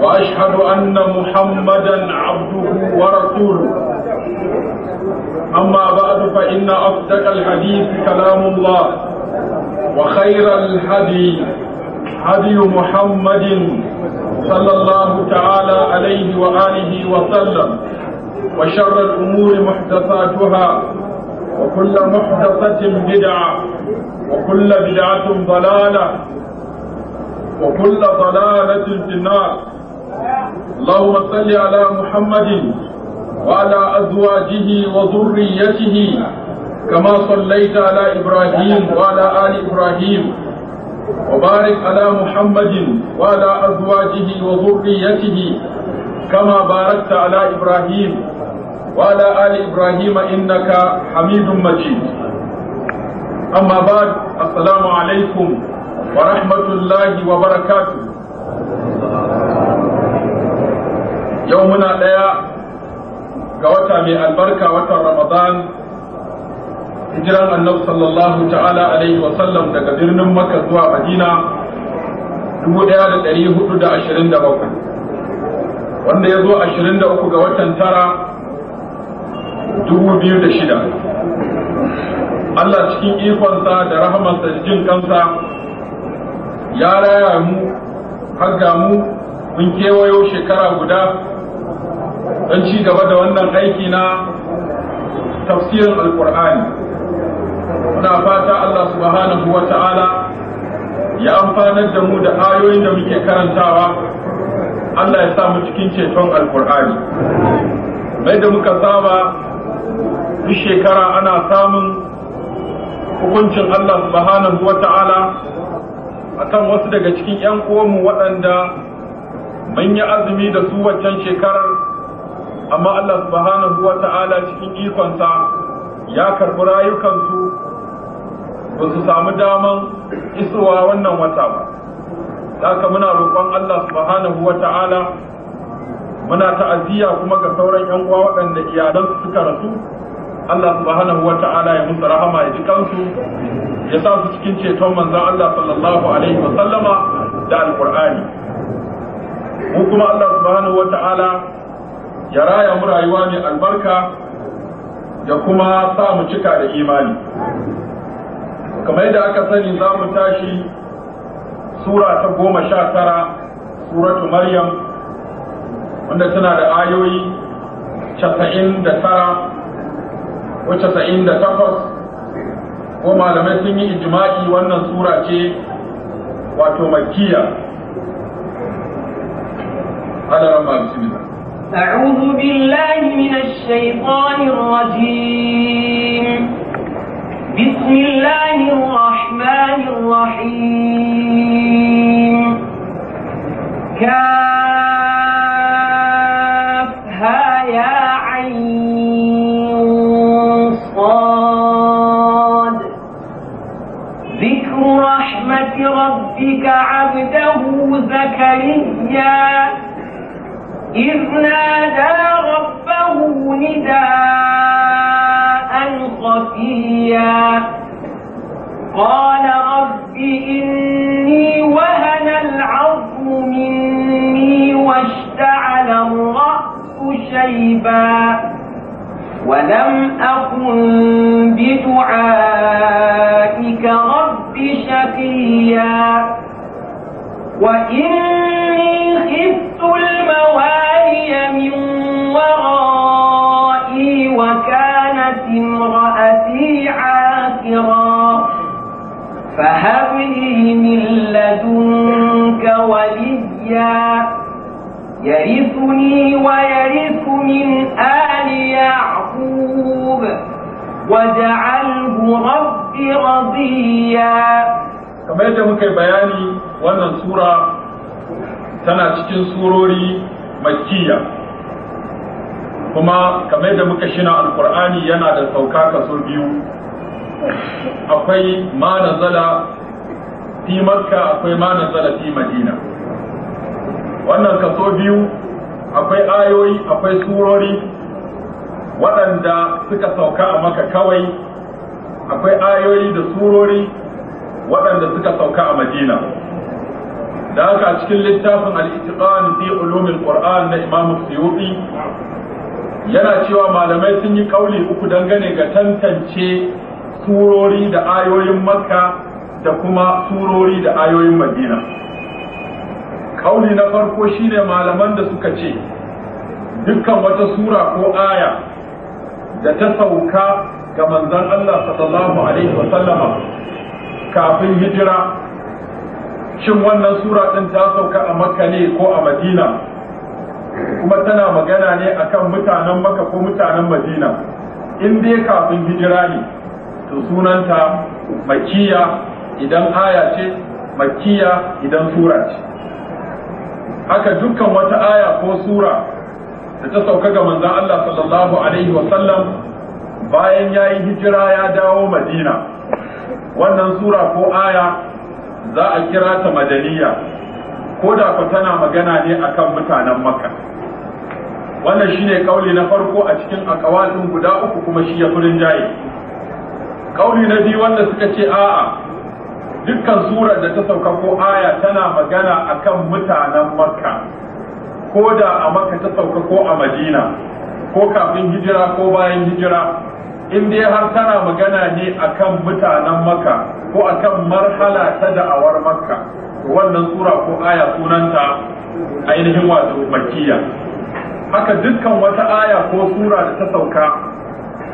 وأشهد أن محمدا عبده ورسوله أما بعد فإن أصدق الحديث كلام الله وخير الهدي هدي محمد صلى الله تعالى عليه وآله وسلم وشر الأمور محدثاتها وكل محدثة بدعة وكل بدعة ضلالة وكل ضلالة في النار اللهم صل على محمد وعلى أزواجه وذريته كما صليت على إبراهيم وعلى آل إبراهيم وبارك على محمد وعلى أزواجه وذريته كما باركت على إبراهيم وعلى آل إبراهيم إنك حميد مجيد أما بعد السلام عليكم ورحمة الله وبركاته yau muna ɗaya ga wata mai albarka watan ramadan hijiran annabi sallallahu ta'ala alaihi wasallam daga birnin makka zuwa madina 1427 wanda ya zo 23 ga watan tara 2006 Allah cikin ikonsa da rahamarsa da jin kansa ya raya mu har ga mu mun kewayo shekara guda don ci gaba da wannan aiki na tafsirin alkur'ani muna fata Allah subhanahu wa ta'ala ya amfanar da mu da ayoyin da muke karantawa Allah ya mu cikin ceton alkur'ani mai da muka saba duk shekara ana samun hukuncin Allah subhanahu wa ta'ala akan wasu daga cikin 'yan uwanmu waɗanda mun yi azumi da su waccan shekarar amma Allah subhanahu wa ta'ala cikin ikonsa ya karɓi rayukansu ba su samu daman isowa wannan wata ba haka muna roƙon Allah subhanahu wa ta'ala muna ta'aziyya kuma ga sauran yan uwa waɗanda iyalansu suka rasu Allah subhanahu wa ta'ala ya musu rahama ya ji kansu ya sa su cikin ceton manzon Allah sallallahu alaihi wa sallama da alƙur'ani mu kuma Allah subhanahu wa ta'ala ya raya mu rayuwa mai albarka da kuma sa mu cika da imani kamar yadda aka sani za mu tashi sura ta goma sha tara suratu maryam wanda tana da ayoyi casa'in da tara ko casa'in da takwas ko malamai sun yi ijima'i wannan sura ce wato makiya على ما أعوذ بالله من الشيطان الرجيم بسم الله الرحمن الرحيم كافها يا عين صاد ذكر رحمة ربك عبده زكريا إذ نادى ربه نداء خفيا قال رب إني وهن العظم مني واشتعل الرأس شيبا ولم أكن بدعائك رب شقيا وإن ناصرا فهب لي من لدنك وليا يرثني ويرث من آل يعقوب واجعله رب bayani wannan sura tana cikin surori makkiya kuma kamar yadda muka shina alkur'ani yana da sauka sau biyu akwai ma nazala fi makka akwai ma nazala fi madina wannan kaso biyu akwai ayoyi akwai surori waɗanda suka sauka a maka kawai akwai ayoyi da surori waɗanda suka sauka a madina da haka a cikin littafin al fi ulumil qur'an na imam suyuti yana cewa malamai sun yi kauli uku dangane ga tantance surori da ayoyin makka da kuma surori da ayoyin madina kauli na farko shine malaman da suka ce dukkan wata sura ko aya da ta sauka ga manzon Allah sallallahu alaihi wasallama kafin hijira shin wannan sura din ta sauka a makka ne ko a madina kuma tana magana ne akan mutanen makka ko mutanen madina in dai kafin hijira ne to sunanta makiya idan aya ce makiya idan sura ce haka dukkan wata aya ko sura da ta sauka ga manzon Allah sallallahu alaihi wa sallam bayan yayi hijira ya dawo Madina wannan sura ko aya za a kira ta madaniya ko da ku tana magana ne akan mutanen makka wannan shine kauli na farko a cikin akawalin guda uku kuma shi ya furin jaye kauli na biyu wanda suka ce a'a dukkan surar da ta sauka ko aya tana magana akan mutanen makka ko da a makka ta sauka ko a madina ko kafin hijira ko bayan hijira in dai har tana magana ne akan mutanen makka ko akan marhala ta da'awar makka wannan sura ko aya sunanta ainihin wato makkiya haka dukkan wata aya ko sura da ta sauka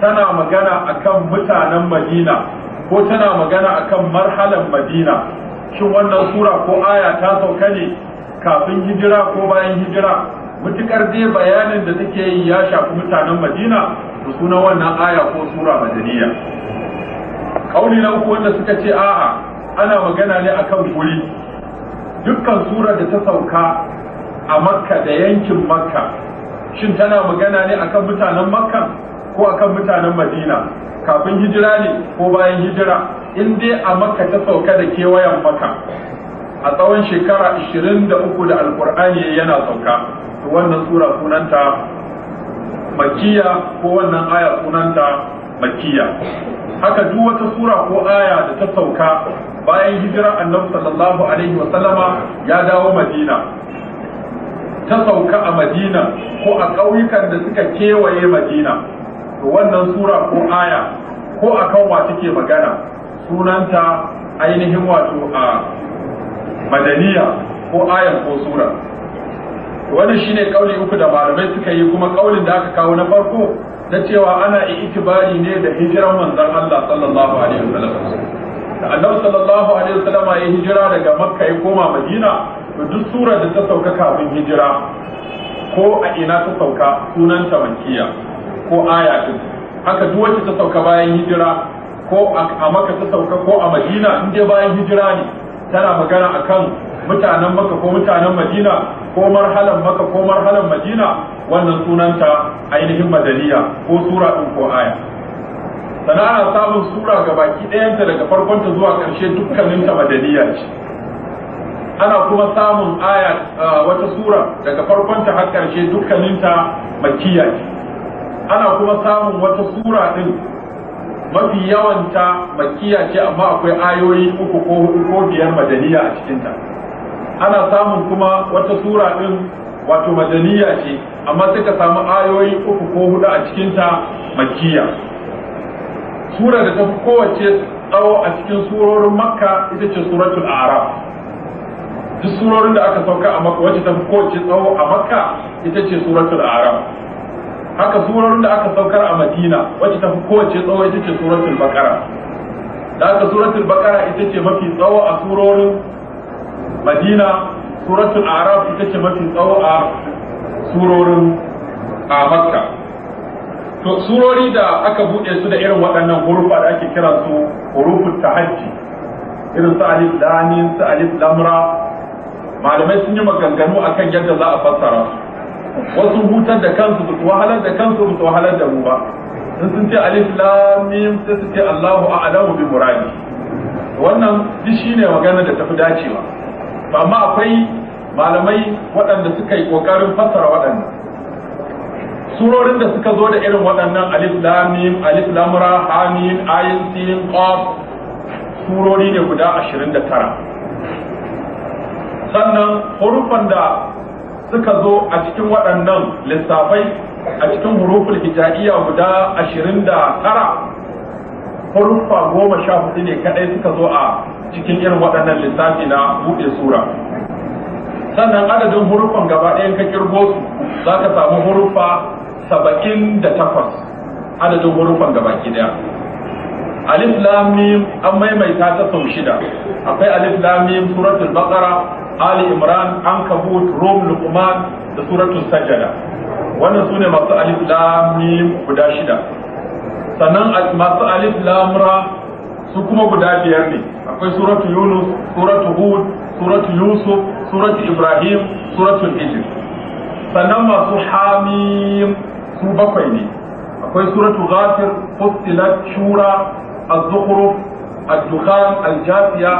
tana magana akan mutanen madina ko tana magana akan marhalan madina shin wannan sura ko aya ta sauka ne kafin hijira ko bayan hijira mutukar dai bayanin da take yi ya shafi mutanen madina da sunan wannan aya ko sura madaniya kauli na uku wanda suka ce a'a ana magana ne akan guri dukkan sura da ta sauka a makka da yankin makka shin tana magana ne akan mutanen makka ko a kan mutanen madina kafin hijira ne ko bayan hijira in dai a makka ta sauka da kewayen makka a tsawon shekara 23 da alkur'ani yana sauka to wannan sura sunanta makkiya ko wannan aya sunanta makkiya haka duk wata sura ko aya da ta sauka bayan hijira annabi sallallahu alaihi wasallama ya dawo madina ta sauka a madina ko a ƙauyukan da suka kewaye madina to wannan sura ko aya ko akan wa take magana sunanta ainihin wato a madaniya ko aya ko sura wani shine kauli uku da malamai suka yi kuma kaulin da aka kawo na farko na cewa ana itibari ne da hijiran manzon Allah sallallahu alaihi wasallam da Allah sallallahu alaihi wasallam ya hijira daga makka ya koma madina to duk surar da ta sauka kafin hijira ko a ina ta sauka sunanta makiya ko aya din haka duk wacce ta sauka bayan hijira ko a maka ta sauka ko a madina in dai bayan hijira ne tana magana akan mutanen maka ko mutanen madina ko marhalan maka ko marhalan madina wannan sunanta ainihin madaniya ko sura din ko aya sana ana samun sura ga baki ɗayanta daga farkonta zuwa ƙarshe dukkaninta madaniya ce ana kuma samun aya ah, wata sura daga farkonta har ƙarshe dukkaninta makiya ce ana kuma samun wata sura din mafi yawanta makiya ce amma akwai ayoyi uku ko hudu ko biyar madaniya a cikinta ana samun kuma wata sura din wato madaniya ce amma suka samu ayoyi uku ko hudu a cikinta makiya sura da ta fi kowace tsawo a cikin surorin makka ita ce suratul araf duk surorin da aka sauka a makka wacce ta fi kowace tsawo a makka ita ce suratul araf haka surar da aka saukar a madina wacce ta fi kowace tsawo ita ce suratul bakara da aka suratul bakara ita ce mafi tsawo a surorin madina suratul araf ita ce mafi tsawo a surorin a makka to surori da aka buɗe su da irin waɗannan hurufa da ake kira su hurufun tahajji irin su alif lamin su alif lamra malamai sun yi maganganu akan yadda za a fassara su wasu hutar da kansu ba su wahalar da kansu ba su wahalar da mu ba sun sun ce alif lamim sai su ce Allahu a'lamu bi muradi wannan shi shine magana da tafi dacewa to amma akwai malamai waɗanda suka yi kokarin fassara waɗannan surorin da suka zo da irin waɗannan alif lamim alif lam ra ha mim ayin sin qaf surori ne guda 29 sannan hurufan da suka zo a cikin waɗannan lissafai a cikin huruful hijaiya guda ashirin da tara huruffa goma sha hudu ne kadai suka zo a cikin irin waɗannan lissafi na buɗe sura sannan adadin huruffan gaba ɗayan ka kirgo su za ka samu huruffa saba'in da takwas adadin huruffan gaba ɗaya alif lamim an maimaita ta sau shida akwai alif lamim suratul baqara ali imran ankabut rum luqman da suratul sajada wannan sune masu alif lam mim guda shida sannan masu alif lam su kuma guda biyar ne akwai suratul yunus suratul hud suratul yusuf suratul ibrahim suratul hijr sannan masu hamim su bakwai ne akwai suratul ghafir fussilat shura az-zukhruf ad-dukhan al-jafiya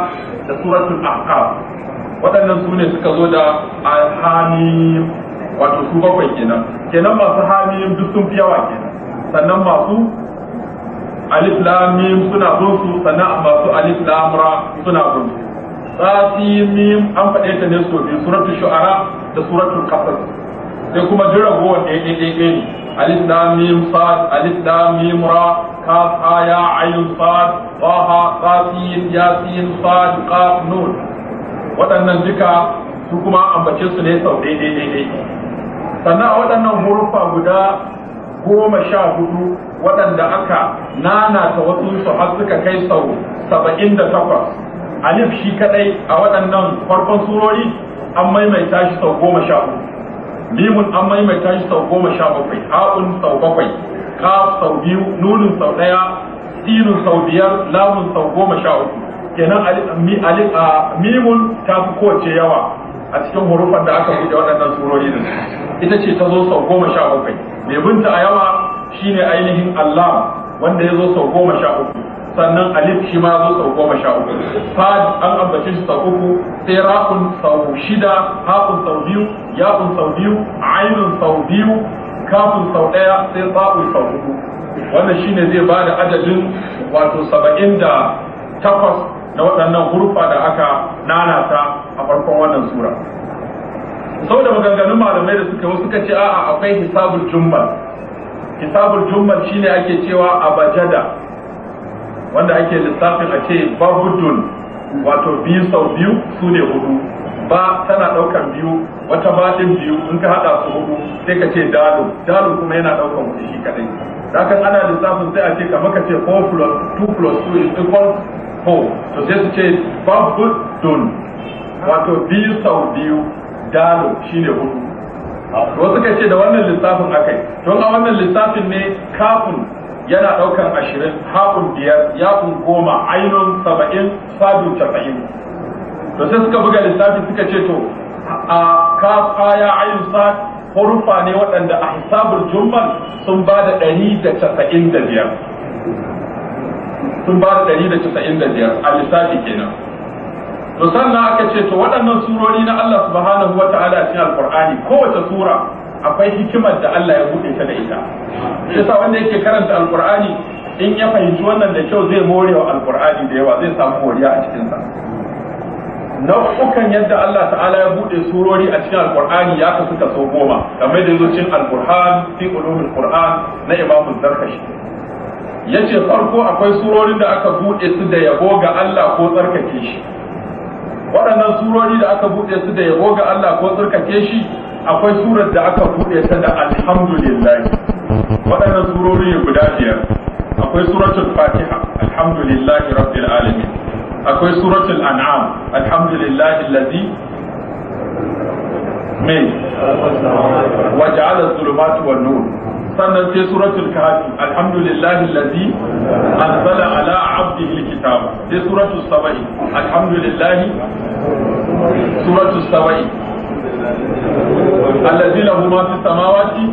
da suratun ahqaf waɗannan su ne suka zo da alhamim wato su bakwai kenan kenan masu hamim duk sun fi yawa kenan sannan masu alif lamim suna zo su sannan masu alif lam suna zo su tsasi mim an faɗe ta ne so biyu suratul shu'ara da suratul qasas sai kuma duk ragowar ɗaya ɗaya ɗaya ne alif lamim fat, alif lamim ra kaf ha ya ayun sad ha qasin yasin sad qaf nun waɗannan duka su kuma ambace su ne sau daidai daidai sannan a waɗannan hurufa guda goma sha hudu waɗanda aka nana ta wasu su har suka kai sau saba'in da takwas alif shi kaɗai a waɗannan farkon surori an maimaita shi sau goma sha hudu limun an maimaita shi sau goma sha bakwai ha'un sau bakwai kaf sau biyu nunun sau ɗaya sinun sau biyar lamun sau goma sha hudu. kenan mimun ta fi kowace yawa a cikin hurufan da aka buɗe waɗannan surori din ita ce ta zo sau goma sha uku mai binta a yawa shi ne ainihin allah wanda ya zo sau goma sha uku sannan alif shi ma zo sau goma sha uku fad an ambace shi sau uku sai rakun sau shida hakun sau biyu yakun sau biyu ainun sau biyu kafin sau ɗaya sai tsaɓu sau uku wannan shi ne zai ba da adadin wato saba'in da takwas na waɗannan hurfa da aka nanata a farkon wannan sura sau da maganganun malamai da suka yi suka ce a'a akwai hisabul jummal hisabul jummal shine ake cewa bajada wanda ake lissafin a ce babudun wato biyu sau biyu su ne hudu ba tana ɗaukar biyu wata baɗin biyu in ka haɗa su hudu sai ka ce dalu dalu kuma yana ɗaukar hudu shi kaɗai. da ana lissafin sai a ce kamar ka ce 4 plus 2 plus 2 is equal ko to sai su ce babbudun wato biyu sau biyu dalo shine hudu ah, wasu ka ce da wannan lissafin yi to a wannan lissafin ne kafin yana daukan ashirin hakun biyar yakun goma ainihin saba'in sabin casa'in to sai suka buga lissafin suka ce to a kafaya ainihin sa hurufa ne waɗanda a hisabar jummal sun ba da ɗari da casa'in da biyar sun ba ɗari da casa'in da biyar a lissafi kenan to sannan aka ce to waɗannan surori na Allah subhanahu wa ta'ala cikin alqur'ani kowace sura akwai hikimar da Allah ya buɗe ta da ita yasa wanda yake karanta alqur'ani in ya fahimci wannan da kyau zai more wa alqur'ani da yawa zai samu moriya a cikin sa nau'ukan yadda Allah ta'ala ya buɗe surori a cikin alqur'ani ya kasu so goma kamar da yazo cikin alqur'an fi ulumul qur'an na imamu zarkashi yace farko akwai surori da aka bude su da yabo ga Allah ko tsarkake shi waɗannan surori da aka bude su da yabo ga Allah ko tsarkake shi akwai surar da aka bude ta da alhamdulillah waɗannan surori ne guda biyar akwai suratul fatiha alhamdulillahi rabbil alamin akwai suratul an'am alhamdulillahi allazi mai waja'ala adh-dhulumati wan-nur sannan sai suratul kahfi alhamdulillahi allazi anzala ala abdihi alkitaba sai suratul sabai alhamdulillahi suratul sabai allazi lahu ma fis samawati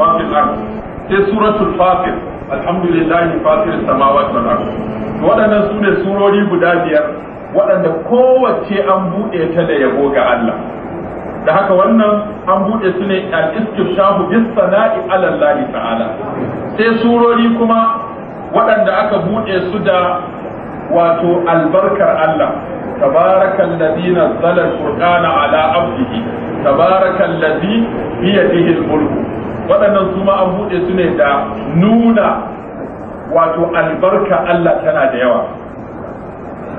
wa fil ardi sai suratul fatir alhamdulillahi fatir samawati wal ardi waɗannan su ne surori guda biyar waɗanda kowace an buɗe ta da yabo ga Allah da haka wannan an buɗe su ne al istifshahu bis sana'i ala Allah ta'ala sai surori kuma waɗanda aka buɗe su da wato albarkar Allah tabarakan ladhi nazzala al-qur'ana ala abdihi tabarakan ladhi bi yadihi al waɗannan su ma an buɗe su ne da nuna wato albarka Allah tana da yawa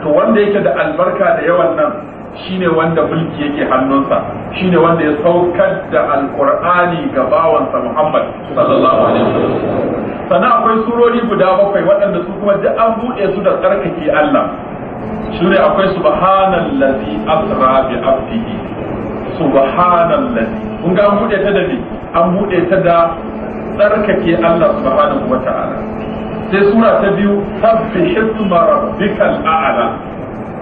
to wanda yake da albarka da yawan nan shine wanda mulki yake hannunsa shine wanda ya saukar da alkur'ani ga bawansa Muhammad sallallahu alaihi wasallam sannan akwai surori guda bakwai waɗanda su kuma duk an buɗe su da tsarkake Allah sune akwai subhanallazi asra bi abdihi subhanallazi kun ga an buɗe ta da me an buɗe ta da tsarkake Allah subhanahu wata'ala sai sura ta biyu sabbihisma rabbikal a'la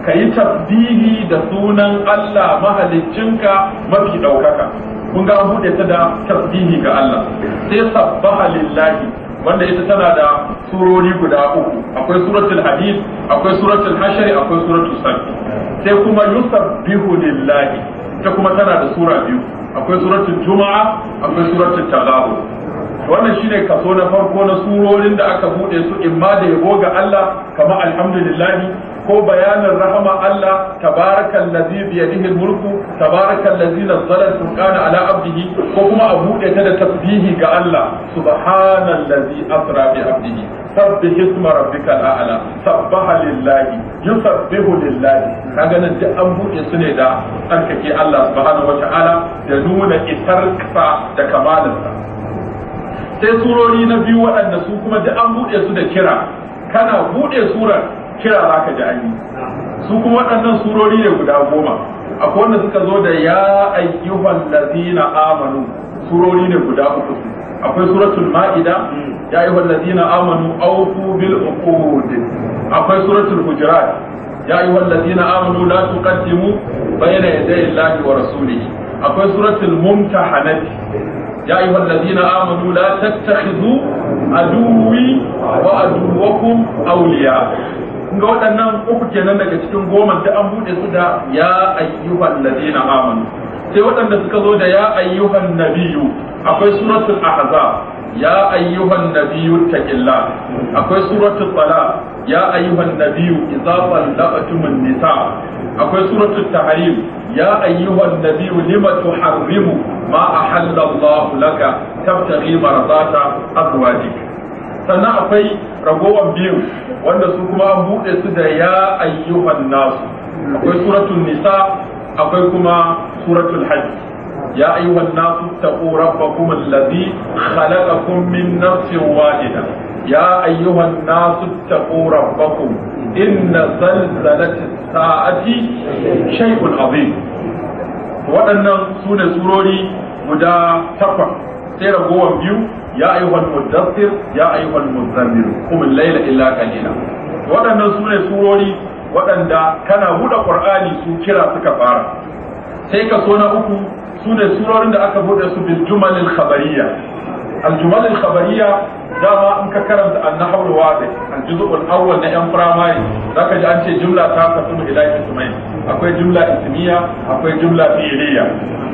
ka yi tasbihi da sunan Allah mahaliccinka mafi ɗaukaka kun ga buɗe ta da tasbihi ga Allah sai sabbaha lillahi wanda ita tana da surori guda uku akwai suratul hadid akwai suratul hashari akwai suratul safi sai kuma yusabbihu lillahi ta kuma tana da sura biyu akwai suratul juma'a akwai suratul taghabun wannan shine kaso na farko na surorin da aka bude su imma da yabo ga Allah kamar alhamdulillahi. ko bayanin rahama Allah tabarakal ladzi bi yadihi mulku tabarakal ladzi nazzala al-furqana ala abdihi ko kuma a bude ta da tasbihi ga Allah subhanal ladzi asra bi abdihi sabbih isma rabbikal a'la sabbaha lillahi yusabbihu lillahi kaga nan duk an bude su ne da tsarkake Allah subhanahu wata'ala da nuna itarsa da kamalinsa sai surori na biyu waɗanda su kuma duk an bude su da kira kana bude surar kira za ka ji an yi su kuma waɗannan surori ne guda goma akwai wanda suka zo da ya ayyuhan lazina amanu surori ne guda uku akwai suratul ma'ida ya ayyuhan lazina amanu awfu bil uqud akwai suratul hujurat ya ayyuhan lazina amanu la tuqaddimu bayna yaday Allahi wa rasulihi akwai suratul mumtahanati ya ayyuhan lazina amanu la a aduwwi wa aduwwakum awliya Kunga ga waɗannan uku kenan daga cikin goma da an buɗe su da ya ayyuhan ladina amanu sai waɗanda suka zo da ya ayyuhan nabiyu akwai suratul ahza ya ayyuhan nabiyyu taqillah akwai suratul talaq ya ayyuhan nabiyyu idza talaqtumun nisa akwai suratul tahrim ya ayyuhan nabiyyu lima tuharrimu ma ahalla Allah laka tabtaghi mardata azwajika sannan akwai ragowar biyu wanda su kuma an buɗe su da ya ayyuhan nasu akwai suratul nisa akwai kuma suratul hajj ya ayyuhan nasu taqu rabbakum allazi khalaqakum min nafsin wahida ya ayyuhan nasu taqu rabbakum inna zalzalatis sa'ati shay'un azim waɗannan su ne surori guda takwas sai ragowar biyu ya ayyuhal muddathir ya ayyuhal muzammil qum al-layla illa qalila waɗannan sune surori waɗanda kana buɗe qur'ani su kira suka fara sai ka so na uku sune surorin da aka buɗe su bil jumal al-khabariyya al-jumal al dama in ka karanta an-nahwu al-wadi al awwal na yan firamare zaka ji an ce jumla ta tafi ila ismail akwai jumla ismiya akwai jumla fi'iliya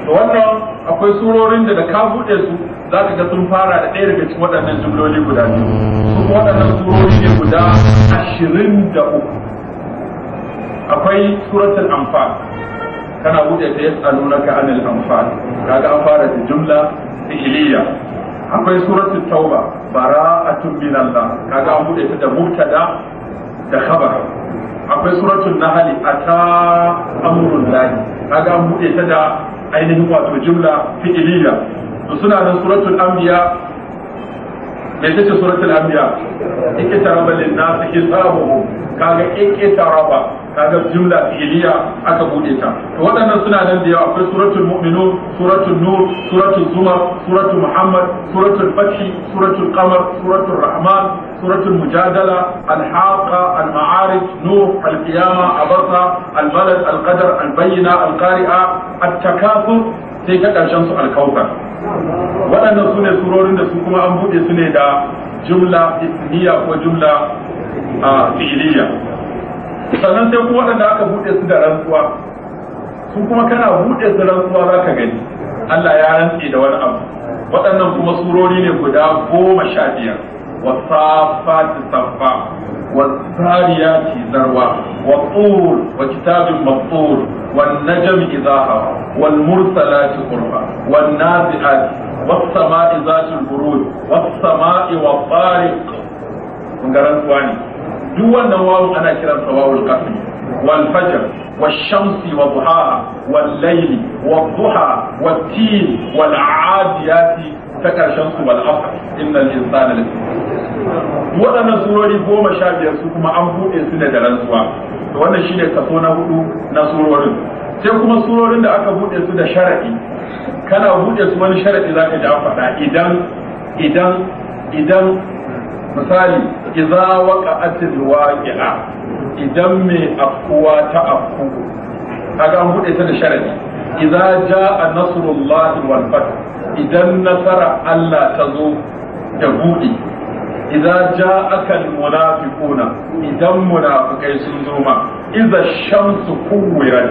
to wannan akwai surorin da da ka bude su zaka ga sun fara da ɗaya daga cikin waɗannan jumloli guda biyu su waɗannan surori ne guda ashirin da uku akwai suratul anfal kana bude ta yas'alunaka anil anfal kaga an fara da jumla fi'iliya akwai suratul tauba bara'atun minallah kaga an bude ta da mubtada da khabar akwai suratul nahl ata amrul lahi kaga an bude ta da ainihin wato jumla fi'iliya to suna nan suratul anbiya me take suratul anbiya ikitaraba lin nas hisabuhum kaga taraba kaga jumla fi'liya aka bude ta to waɗannan suna nan da yawa akwai suratul mu'minun suratul nur suratul zumar suratul muhammad suratul fath suratul qamar suratul rahman suratul mujadala al-haqa al-ma'arij nur al-qiyama abasa al-balad al-qadar al-bayyina al-qari'a at sai ka karshen su al kawkar waɗannan su ne surorin da su kuma an buɗe su ne da jumla ismiya ko jumla fi'iliya sannan sai kuma waɗanda aka buɗe su da rantsuwa su kuma kana buɗe su rantsuwa za ka gani Allah ya rantse da wani abu waɗannan kuma surori ne guda goma sha biyar fati safa والساريات ذروة والطول وكتاب مقطور والنجم إذا هوى والمرسلات قربا والنازعات والسماء ذات البروج والسماء والطارق من قرن ثواني دون نواو أنا كرا سواو القسم والفجر والشمس وضحاها والليل والضحى والتين والعاديات سكر شمس والعصر إن الإنسان لفي waɗannan surori goma sha biyar su kuma an buɗe su ne da rantsuwa to wannan shine kaso na hudu na surorin sai kuma surorin da aka buɗe su da sharaɗi kana buɗe su wani za zaka ji an faɗa idan idan idan misali idza waqa'atil waqi'a idan me afkuwa ta afku kaga an buɗe ta da Iza idza ja'a nasrullahi wal fath idan nasara Allah ta zo da buɗe Idan idza ja'aka almunafiquna idan munafikai sun zo ma idza shamsu kuwirat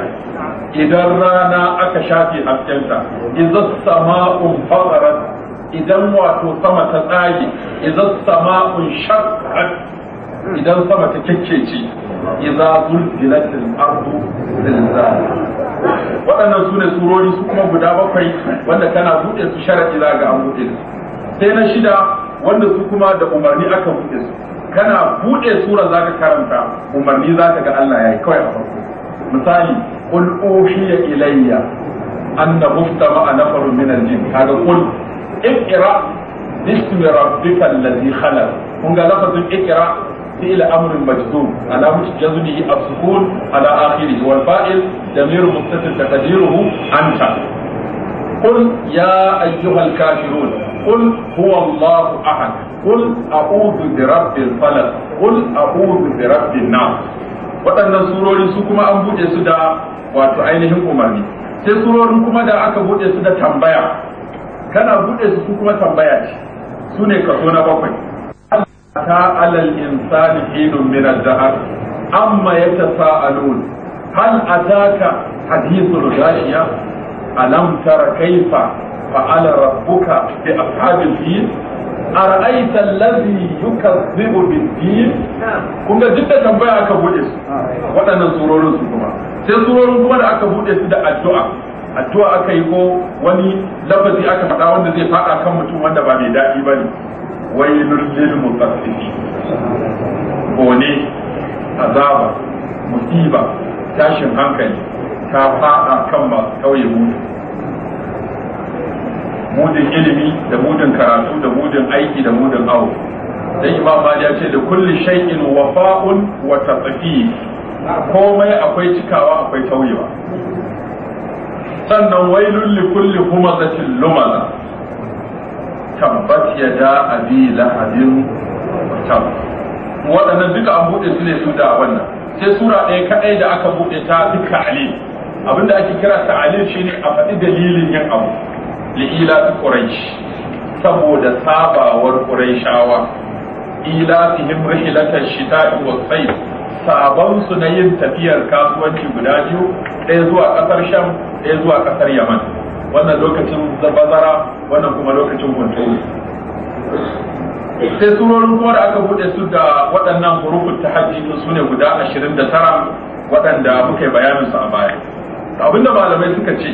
idan rana aka shafe haskenta iza sama'u fadarat idan wato sama ta tsage iza sama'u shaqqat idan sama ta kikkece iza zulzilatil ardu zilzalaha waɗannan su ne surori su kuma guda bakwai wanda kana buɗe su sharaɗi za ga an buɗe sai na shida wanda su kuma da umarni aka buɗe su kana buɗe sura zaka karanta umarni zaka ga Allah yayi kawai a farko misali qul uhiya ilayya muftama a nafarun min al-jinn kaga qul iqra bismi rabbikal ladhi khalaq kun ga lafazin iqra فعل امر مجزوم على جزمه السكون على اخره والفاعل ضمير متصل تقديره انت قل يا أيها الكافرون قل هو الله أحد قل أعوذ برب الفلق قل أعوذ برب الناس waɗannan surori su kuma an buɗe su da wato ainihin umarni sai surorin kuma da aka buɗe su da tambaya kana buɗe su su kuma tambaya ce su ne kaso na bakwai ta alal insani hinun min al-dahar amma yatasaalun hal ataka hadithul ghashiya alam tara kaifa fa'ala rabbuka bi ashabil fil ara'aita allazi yukazzibu bid-din kun ga duk da tambaya aka bude su waɗannan surorin su kuma sai surorin kuma da aka bude su da addu'a addu'a aka yi ko wani lafazi aka faɗa wanda zai faɗa kan mutum wanda ba mai daɗi bane ne lil mutaffifin bone azaba musiba tashin hankali ta faɗa kan masu kauye mudu mudun ilimi da mudun karatu da mudun aiki da mudun awo dan imam mali ya ce da kulli shay'in wafa'un wa tatfiyi komai akwai cikawa akwai tauyewa sannan wailul li kulli humazatin lumaza tabbat yada abi lahabin tab waɗannan duka an buɗe su ne su da wannan sai sura ɗaya kaɗai da aka buɗe ta duka alim abinda ake kira ta'alil shine a faɗi dalilin yin abu fi quraish saboda sabawar quraishawa ila fihim rihlatan shita'i wa sayf sabon su na yin tafiyar kasuwanci guda biyu ɗaya zuwa ƙasar sham ɗaya zuwa ƙasar yaman wannan lokacin bazara wannan kuma lokacin hunturu sai surorin kuma da aka buɗe su da waɗannan hurufun ta hajji su guda ashirin da tara waɗanda muka yi bayaninsu a baya abinda malamai suka ce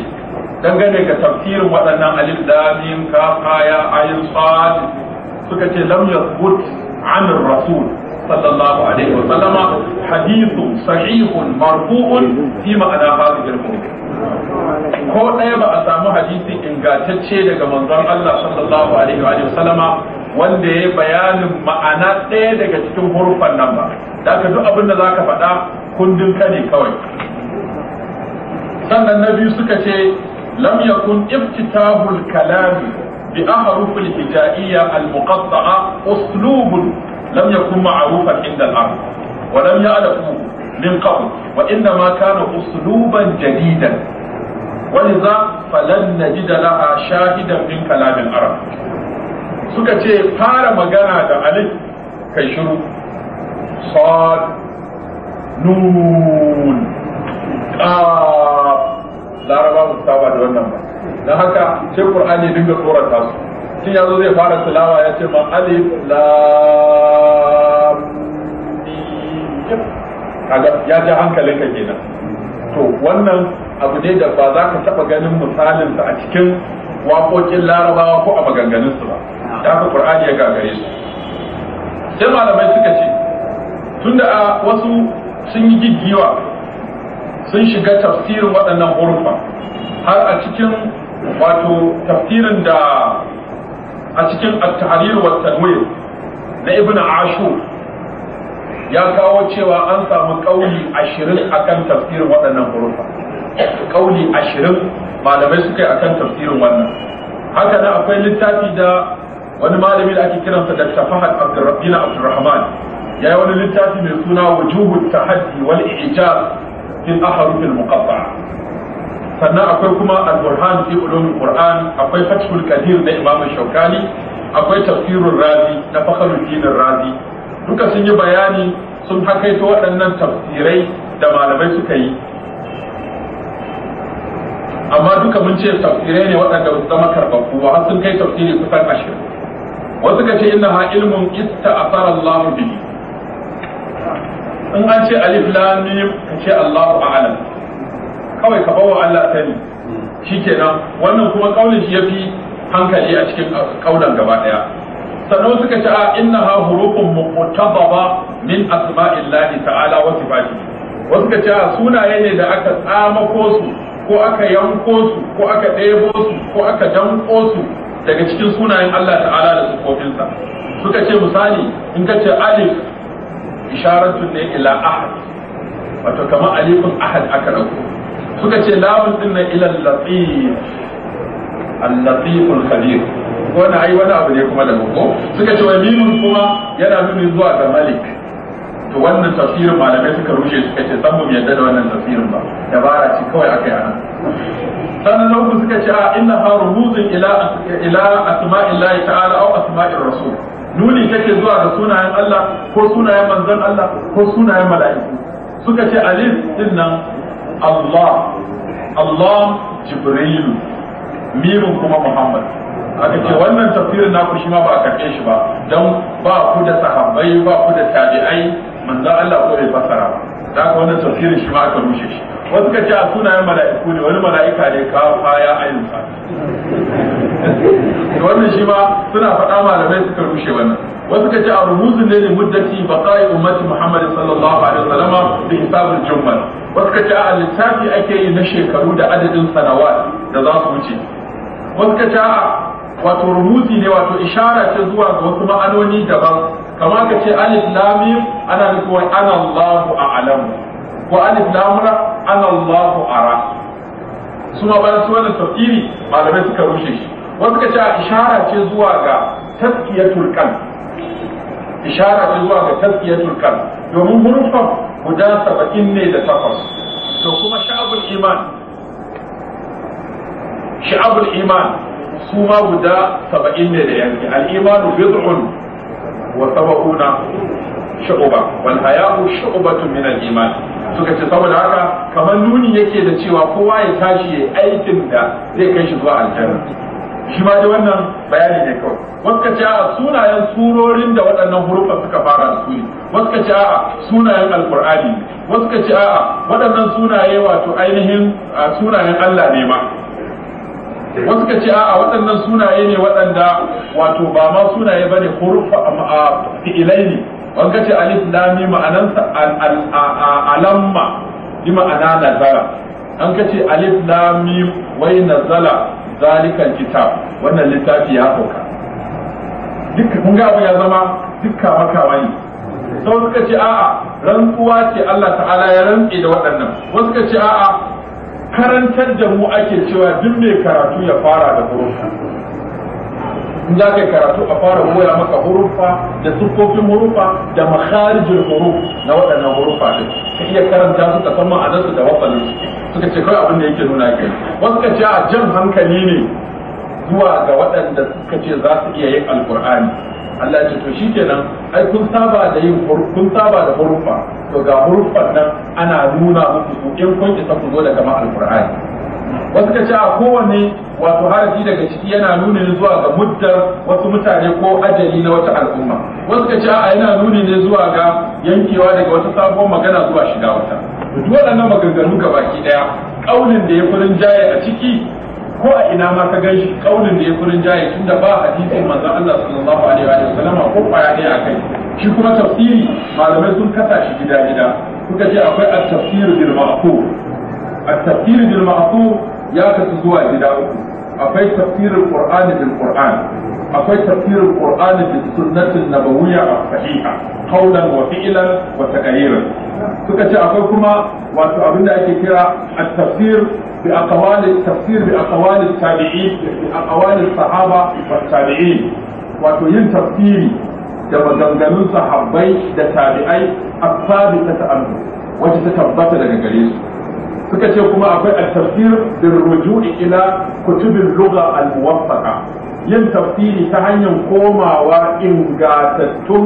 dangane ga tafsirin waɗannan alif lamim ka kaya ayin sad suka ce lam yasbut an rasul sallallahu alaihi wa sallama hadithu sahihun marfu'un fi ma'ana hadhihi al-mu'min ko ɗaya ba a samu hadisi ingantacce daga manzon Allah sallallahu alaihi wa sallama wanda ya bayanin ma'ana ɗaya daga cikin hurufan nan ba da ka duk abin da zaka faɗa kundin ka ne kawai sannan na biyu suka ce lam yakun iftitabul kalami bi ahruf al hijaiyya al muqatta'a uslubun lam yakun ma'rufan inda al wa lam ya'lafu min qabl wa inna ma kana usluban jadidan ولذا فلن نجد لها شاهدا من كلام العرب suka ce fara magana da alif kai shiru sad nun ƙaf ah, laraba ba saba da wannan ba da haka sai qur'ani dinga tsorata su kin yazo zai fara tilawa ya ce ma alif lam kaga ya ji hankalin ka kenan to wannan abu ne da ba za ka taba ganin misalin sa a cikin waƙoƙin larabawa ko a maganganun su ba da haka qur'ani ya gagare su sai malamai suka ce tunda a wasu sun yi giggiwa sun shiga tafsirin waɗannan hurufa har a cikin wato tafsirin da a cikin at-tahrir wa na ibnu ashur ya kawo cewa an samu kauli ashirin akan tafsirin waɗannan hurufa kauli ashirin malamai suka yi akan tafsirin wannan haka nan akwai littafi da wani malami da ake kiransa da tafahad abdurrabbina abdurrahman ya yi wani littafi mai suna wujuhu tahaddi wal ijaz fil ahruf al sannan akwai kuma al burhan fi ulum qur'an akwai fathul kadir na imam shaukani akwai tafsirul razi na fakhruddin razi duka sun yi bayani sun hakaito waɗannan tafsirai da malamai suka yi amma duka mun ce tafsirai ne waɗanda ba su zama karɓaɓɓu ba sun kai tafsiri kusan ashirin wasu ka ce inna ilmun ista asara Allah bihi in an ce alif lam mim ka ce Allahu a'lam kawai ka bawa Allah sani shikenan wannan kuma kaulin shi yafi hankali a cikin kaulan gaba daya sannan suka ce a inna ha hurufun muqtadaba min asma'illahi ta'ala wa sifati wasu suka ce a sunaye ne da aka tsamako su ko aka yanko su ko aka ɗebo su ko aka danko su daga cikin sunayen Allah ta'ala da sifofinsa suka ce misali in ka ce alif isharatun ne ila ahad wato kama alifin ahad aka dauko suka ce lamun din na ila latif al-latif al-khabir wannan ai wani abu ne kuma da ko suka ce wai mimun kuma yana nuni zuwa ga malik to wannan tafsirin malamai suka rushe suka ce san mu yadda da wannan tafsirin ba dabara ce kawai aka yi anan sannan na uku suka ce a inna ha rumuzun ila ila asma'illahi ta'ala aw asma'ir rasul nuni kake zuwa da sunayen Allah ko sunayen manzon Allah ko sunayen mala'iku suka ce alif din nan Allah Allah Jibrilu mimin kuma Muhammad aka ce wannan tafsirin naku shi ma ba a karɓe shi ba don ba ku da sahabbai ba ku da tabi'ai manzon Allah ko bai fasara ba da ka wannan tafsirin shi ma aka rushe shi wasu ka ce a sunayen mala'iku ne wani mala'ika ne ka faya ayyuka da wannan shi ma suna faɗa malamai suka rushe wannan wasu ka a rumuzun ne ne muddati baqai ummati muhammad sallallahu alaihi wasallam da hisabul jummal wasu ka a littafi ake yi na shekaru da adadin sanawat da za su wuce wasu ka a wato rumuzi ne wato ishara ce zuwa ga wasu ma'anoni daban kamar ka ce alif lamim ana nufin wai ana Allahu a'lamu ko alif lamra ana Allahu ara Suma ma bayan su wannan tafsiri malamai suka rushe shi wasu ka ce ishara ce zuwa ga taskiyatul kan ishara ce zuwa ga taskiyatul kan domin hurufan guda saba'in ne da takwas to kuma sha'abul iman sha'abul iman su guda saba'in ne da yanki al'imanu bid'un wa saba'una shu'uba wal haya'u shu'batun min al-iman suka ce saboda haka kamar nuni yake da cewa kowa ya tashi aikin da zai kai shi zuwa aljanna shi ma dai wannan bayani ne kawai wasu ce a sunayen surorin da waɗannan hurufa suka fara da su ne wasu ce a sunayen alkur'ani wasu ce a waɗannan sunaye wato ainihin sunayen Allah ne ma wasu kaci ce a waɗannan sunaye ne waɗanda wato ba ma sunaye ba ne hurufa a fi'ilai ne wani ce alif lami ma'anansa alamma ima ma'ana nazara an kace ce alif lami wai nazala zalikan kitab wannan littafi ya sauka dukkan kun ga ya zama dukka makawa ne sau suka ce a'a rantsuwa ce Allah ta'ala ya rantse da waɗannan wasu suka ce a'a karantar da mu ake cewa duk mai karatu ya fara da furuka in za ka yi karatu a fara wuya maka hurufa da siffofin hurufa da makharijin huruf na waɗannan hurufa din ka iya karanta su ka san su da wasalin suka ce kawai abin da yake nuna ke wasu ka ce a jan hankali ne zuwa ga waɗanda suka ce za su iya yin alkur'ani Allah ya ce to shikenan ai kun saba da yin kun saba da hurufa to ga hurufan nan ana nuna muku su in kun isa ku zo ma gama alkur'ani wasu ka ce a kowane wato harafi daga ciki yana nuni zuwa ga muddar wasu mutane ko ajali na wata al'umma wasu ka ce a yana nuni ne zuwa ga yankewa daga wata sabuwar magana zuwa shiga wata duk waɗannan maganganu ga baki ɗaya ƙaunin da ya kurin jaye a ciki ko a ina ma ka gan shi ƙaunin da ya kurin jaye da ba hadisin manzon Allah sallallahu alaihi wa ko kwaya ɗaya a kai shi kuma tafsiri malamai sun kasa shi gida gida Kuka ce akwai at tafsirin bil ko? التفسير بالمعصوم يا كتزوى جداؤه أفاي تفسير القرآن بالقرآن أفاي تفسير القرآن بالسنة النبوية الصحيحة قولا وفعلا وتقريرا suka ce akwai kuma wato abin da ake kira at-tafsir bi aqwali tafsir bi aqwali tabi'in bi aqwali sahaba wa tabi'in wato yin tafsiri da maganganun sahabai da tabi'ai a ta wacce ta tabbata daga gare su suka ce kuma akwai a tafsir da ruju'i ila kutubin lugha al-muwaffaqa yin tafsiri ta hanyar komawa ingantattun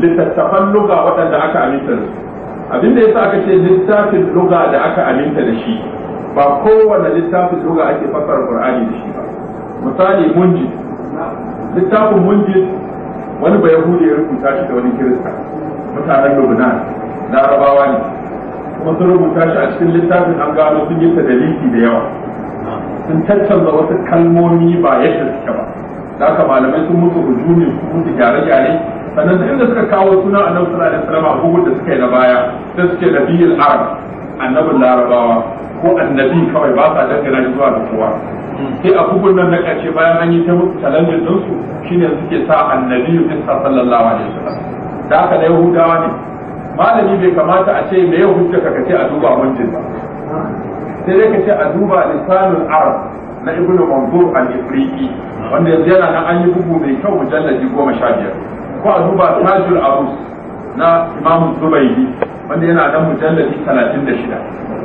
littattafan ruga waɗanda aka aminta da su da yasa aka ce littafin lugha da aka aminta da shi ba kowane littafin lugha ake fassara qur'ani da shi ba misali munjid littafin munjid wani ba ya rubuta shi da wani kirista mutanen lubnan larabawa ne wasu rubuta shi a cikin littafin an gano sun yi tadaliki da yawa sun tattalla wasu kalmomi ba yadda suke ba da aka malamai sun mutu hujumi sun mutu gyare-gyare sannan da inda suka kawo suna a suna da wasallam a bugun da suka yi na baya sai suke nabiyul arab annabin larabawa ko annabi kawai ba sa dangana shi zuwa da kowa sai a bugun nan na ƙarshe bayan an yi ta mutu talanjin ɗinsu shine suke sa annabi sa sallallahu alaihi wasallam da aka da yahudawa ne malami bai kamata a ce me ya hujja ka ce a duba wancan ba sai dai ka ce a duba lisanul arab na ibn manzur al-ifriqi wanda yanzu yana nan an yi bugu mai kyau mujalladi goma sha biyar ko a duba tajul arus na imam zubairi wanda yana nan mujalladi talatin da shida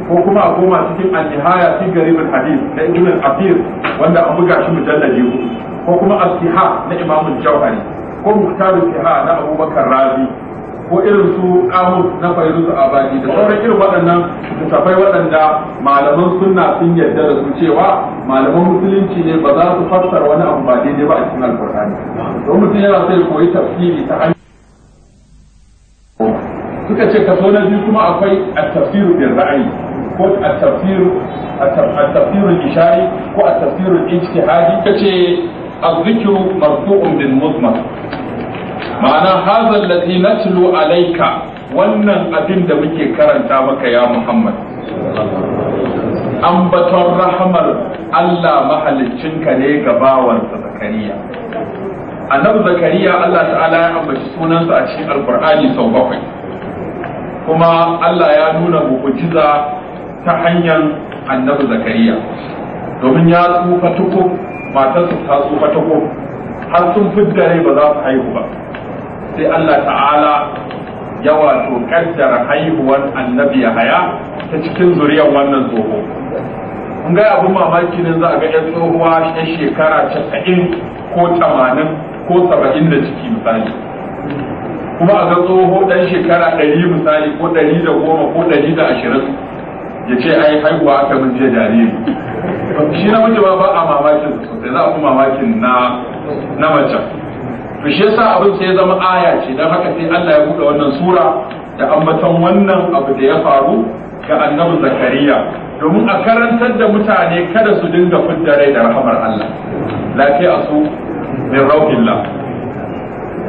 ko kuma a koma cikin al-nihaya fi garibin hadith na ibn al-afir wanda an buga shi mujalladi ko kuma al-siha na imam al-jawhari ko muktaru al-siha na abubakar razi ko irin su ahun na faizu a abadi da sauran irin waɗannan littafai waɗanda malaman sunna sun yarda da su cewa malaman musulunci ne ba za su fassara wani abu ba daidai ba a cikin alkur'ani don mutum yana sai koyi tafsiri ta hanyar suka ce kaso na biyu kuma akwai at-tafsiru bil ra'ayi ko at-tafsiru at-tafsiru ishari ko at-tafsiru ijtihadi kace az-zikru marfu'un bil muzmar ma'ana hazal lati natlu alaika, wannan abin da muke karanta maka ya Muhammad ambaton rahamar Allah ka ne ga bawansa Zakariya annabi Zakariya Allah ta'ala ya ambaci sunansa a cikin alqur'ani sau bakwai kuma Allah ya nuna mu'jiza ta hanyar annabi Zakariya domin ya tsufa tuko matarsa ta tsufa tuko har sun fidda ba za su haihu ba sai Allah ta'ala ya wato kaddara haihuwar annabi haya ta cikin zuriyar wannan tsoho Mun ga abin mamaki ne za a ga yan tsohuwa ya shekara casa'in ko tamanin ko saba'in da ciki misali kuma a ga tsoho dan shekara ɗari misali ko ɗari da goma ko ɗari da ashirin ya ce ai haihuwa aka min jiya jariri shi na mace ba a mamakin sosai za a fi mamakin na na macen to shi yasa abin sai zama aya ce dan haka sai Allah ya buɗe wannan sura da ambaton wannan abu da ya faru ga annabi zakariya domin a karantar da mutane kada su dinga fidda rai da rahamar Allah lafiya su min rauhillah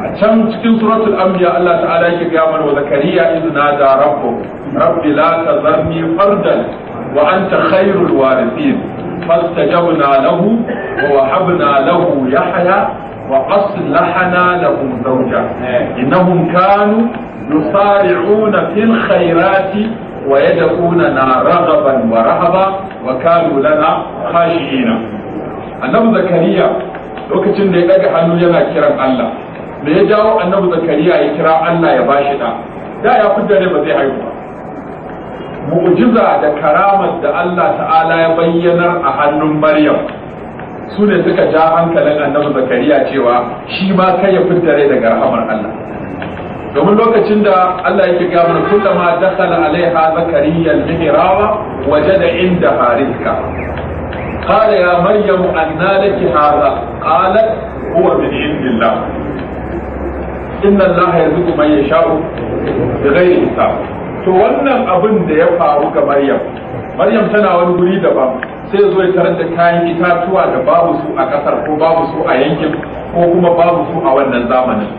a can cikin suratul anbiya Allah ta'ala yake ga mana wa zakariya izna da rabbu rabbi la tazarni fardan wa anta khairul warithin fastajabna lahu wa wahabna lahu yahya وأصلحنا لهم زوجا إنهم كانوا يصارعون في الخيرات ويدعوننا رغبا ورهبا وكانوا لنا خاشعين النبي زكريا lokacin da ya ɗaga hannu yana kiran Allah me ya jawo annabi zakariya ya kira Allah ya bashi da da ya fitar ne ba zai haihu ba mu'jiza da karamar da Allah ta'ala ya bayyanar a hannun Maryam su ne suka ja hankalin annabi zakariya cewa shi ma kai ya fitta rai daga rahamar Allah domin lokacin da Allah yake ga mana kullama dakhala alaiha zakariya al-mihraba wajada inda harizka قال ya maryam أنى لك هذا قالت هو من عند الله إن الله يرزق من يشاء بغير to wannan abin da ya faru ga Maryam maryam tana wani guri daban sai zo ya tarar da kayan itatuwa da babu su a kasar ko babu su a yankin ko kuma babu su a wannan zamanin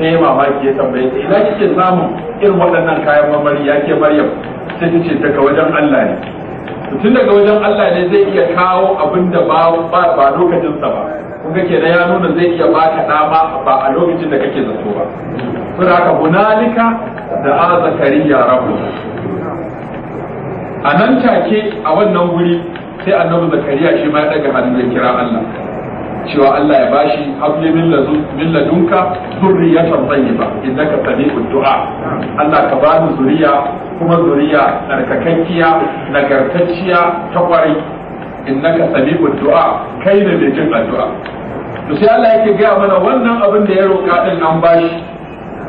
sai ya mamaki ya tambaye ta ina kike samun irin waɗannan kayan marmari ya ke maryam sai ta ce daga wajen Allah ne tun daga wajen Allah ne zai iya kawo abin da ba ba lokacin sa ba kun ga kenan ya nuna zai iya baka dama ba a lokacin da kake zato ba saboda haka hunalika da a zakariya rabbu a nan take a wannan wuri sai annabi zakariya shi ma ya daga hannu ya kira Allah cewa Allah ya bashi habli min min ladunka zurriyatan tayyiba innaka sami'ud du'a Allah ka bani zuriya kuma zuriya tsarkakakkiya nagartacciya ta kwarai innaka sami'ud du'a kai ne mai jin addu'a to sai Allah yake gaya mana wannan abin da ya roƙa din an bashi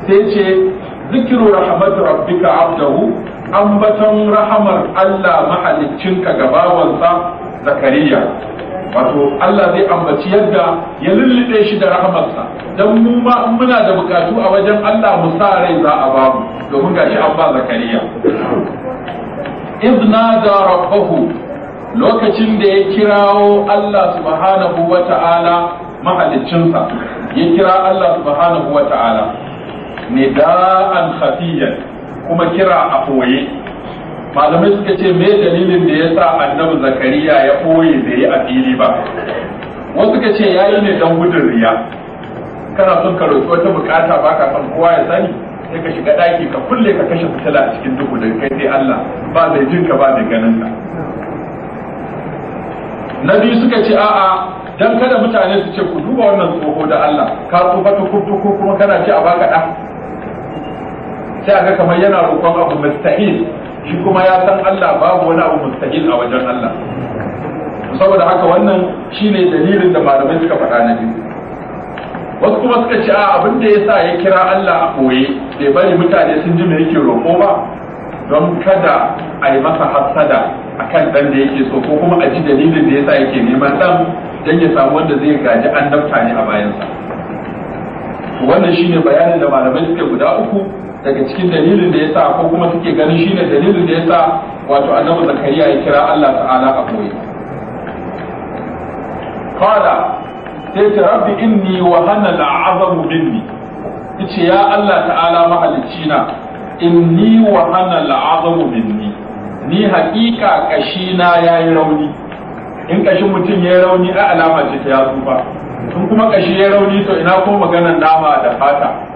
sai ce zikiru rahmatu rabbika abdahu ambaton rahamar Allah mahaliccinka ga bawansa zakariya wato Allah zai ambaci yadda ya lullube shi da rahamarsa don mu ma muna da bukatu a wajen Allah mu sa rai za a ba mu domin gashi an ba zakariya ibna da rabbahu lokacin da ya kirawo Allah subhanahu wa ta'ala mahaliccinsa ya kira Allah subhanahu wa ta'ala nida'an khafiyan kuma kira a koye malamai suka ce me dalilin da ya sa annabi zakariya ya koye da yi a fili ba wasu suka ce ya yi ne don gudun riya kana son ka roƙi wata bukata ba ka san kowa ya sani sai ka shiga ɗaki ka kulle ka kashe fitila a cikin duhu da kai sai Allah ba mai jin ka ba mai ganin ka na biyu suka ce a'a dan kada mutane su ce ku duba wannan tsoho da Allah ka tsufa ta kuma kana ce a baka ɗa sai aka kamar yana roƙon abu mustahil shi kuma ya san Allah babu wani abu mustahil a wajen Allah saboda haka wannan shine dalilin da malamai suka faɗa na biyu wasu kuma suka ce a abin da yasa ya kira Allah a koye bai bari mutane sun ji me yake roƙo ba don kada a yi masa hassada kan ɗan da yake so ko kuma a ji dalilin da yasa yake neman ɗan, don ya samu wanda zai gaji an ne a bayansa wannan shine bayanin da malamai suke guda uku daga cikin dalilin da ya sa ko kuma suke ganin shi ne dalilin da ya sa wato annabi zakariya ya kira Allah ta'ala a boye qala sai ta rabbi inni wa hana al'azamu minni yace ya Allah ta'ala mahalicci na inni wa hana al'azamu minni ni hakika kashi na yayi rauni in kashin mutum yayi rauni a alama ce ta ya tsufa in kuma kashi yayi rauni to ina ko maganar nama da fata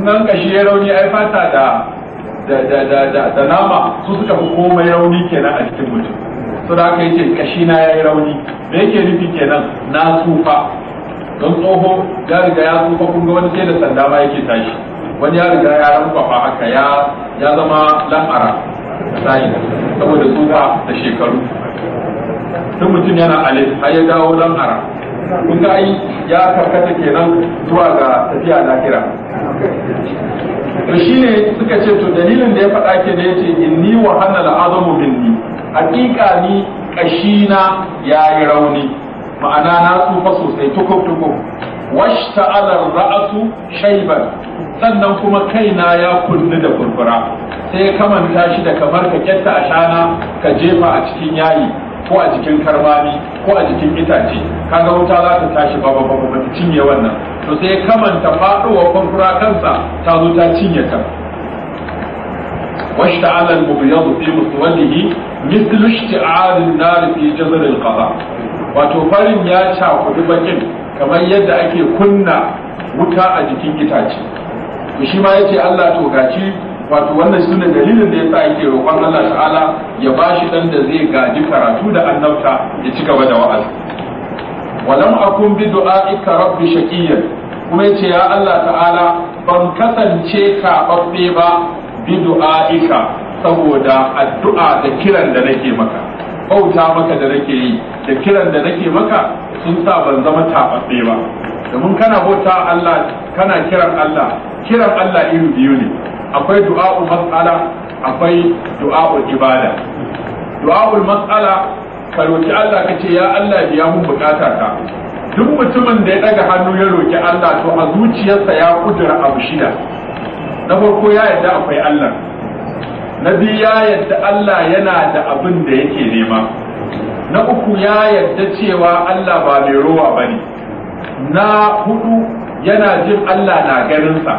nan shi ya rauni ai fata da da nama su suka fi komai rauni kenan a cikin mutum su da aka ce kashi na ya yi rauni da yake nufi kenan na tsufa don tsoho ya riga ya tsufa kun ga wani sai da sanda ma yake tashi wani ya riga ya rankwafa haka ya ya zama lam'ara tsayi saboda tsufa da shekaru tun mutum yana alif har ya dawo lam'ara kun ga ai ya karkata kenan zuwa ga tafiya lahira to shine suka ce to dalilin da ya faɗa ke da yace inni wa hanna azamu binni haƙiƙa ni kashina yi rauni ma'ana na tsufa sosai tukuk tukub washta'ala ra'asu? shayban sannan kuma kaina ya kullu da furfura sai kamanta shi da kamar ka a ashana ka jefa a cikin yayi ko a jikin karbani ko a jikin itace kaga wuta za ta tashi ba ba ba ta cinye wannan to sai kamanta faɗowa kwamfura kansa ta zo ta cinye ta واشتعل المبيض في مسوده مثل اشتعال النار في جزر القضاء wato farin ya shafuɗi bakin kamar yadda ake kunna wuta a jikin itace to shi ma yace Allah to gaci wato wannan shi ne dalilin da yasa yake roƙon Allah ta'ala ya ba shi ɗan da zai gaji karatu da annabta ya ci gaba da wa'azi walam akun bi du'a'ika rabbi shaqiyyan kuma yace ya Allah ta'ala ban kasance kababbe ba bi du'a'ika saboda addu'a da kiran da nake maka bauta maka da nake yi da kiran da nake maka sun sa ban zama tafafe ba domin kana bauta Allah kana kiran Allah kiran Allah iri biyu ne akwai du'a'ul mas'ala akwai du'a'ul ibada du'a'ul mas'ala ka roki Allah ka ce ya Allah biya mun bukata ta duk mutumin da ya daga hannu ya roki Allah to a zuciyarsa ya kudura abu shida na farko ya yarda akwai Allah na biyu ya yadda Allah yana da abin da yake nema na uku ya yadda cewa Allah ba mai rowa ba ne na hudu yana jin Allah na ganinsa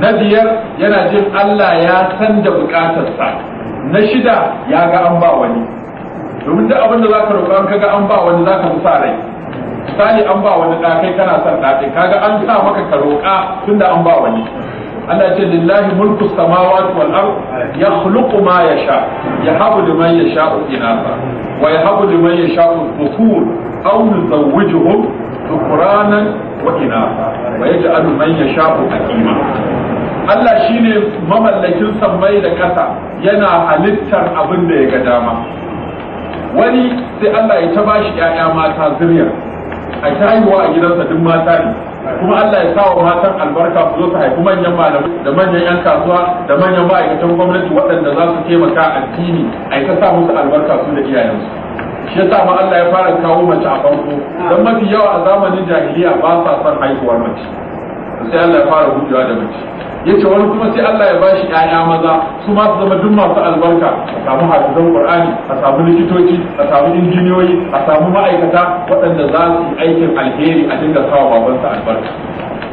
na biyar yana jin Allah ya san da bukatarsa na shida ya ga an ba wani domin duk abin da za ka roƙa an kaga an ba wani za ka sa rai misali an ba wani ɗa kai kana son ɗa kai kaga an sa maka ka roƙa tunda an ba wani Allah ce lillahi mulku samawati wal ard yakhluqu ma yasha yahabu liman yasha'u inatha wa yahabu liman yasha'u dhukur aw yuzawwijuhum dhukranan wa inatha wa yaj'alu man yasha'u aqima Allah shine mamallakin sammai da kasa yana halittar abin da ya ga dama wani sai Allah ya ta bashi 'ya'ya mata zuriyar a ta haihuwa a gidansa duk mata ne kuma Allah ya sawa matan albarka su zo su haifi manyan malamai da manyan yan kasuwa da manyan ma'aikatan gwamnati waɗanda za su taimaka addini a ta sa musu albarka su da iyayensu shi yasa ma Allah ya fara kawo mace a farko don mafi yawa a zamanin jahiliya ba sa son haihuwar mace sai Allah ya fara hudewa da mace yace wani kuma sai Allah ya bashi ƴaƴa maza su ma su zama duk masu albarka a samu hafizan Qur'ani a samu likitoci a samu injiniyoyi a samu ma'aikata waɗanda za su yi aikin alheri a dinga sawa babansa albarka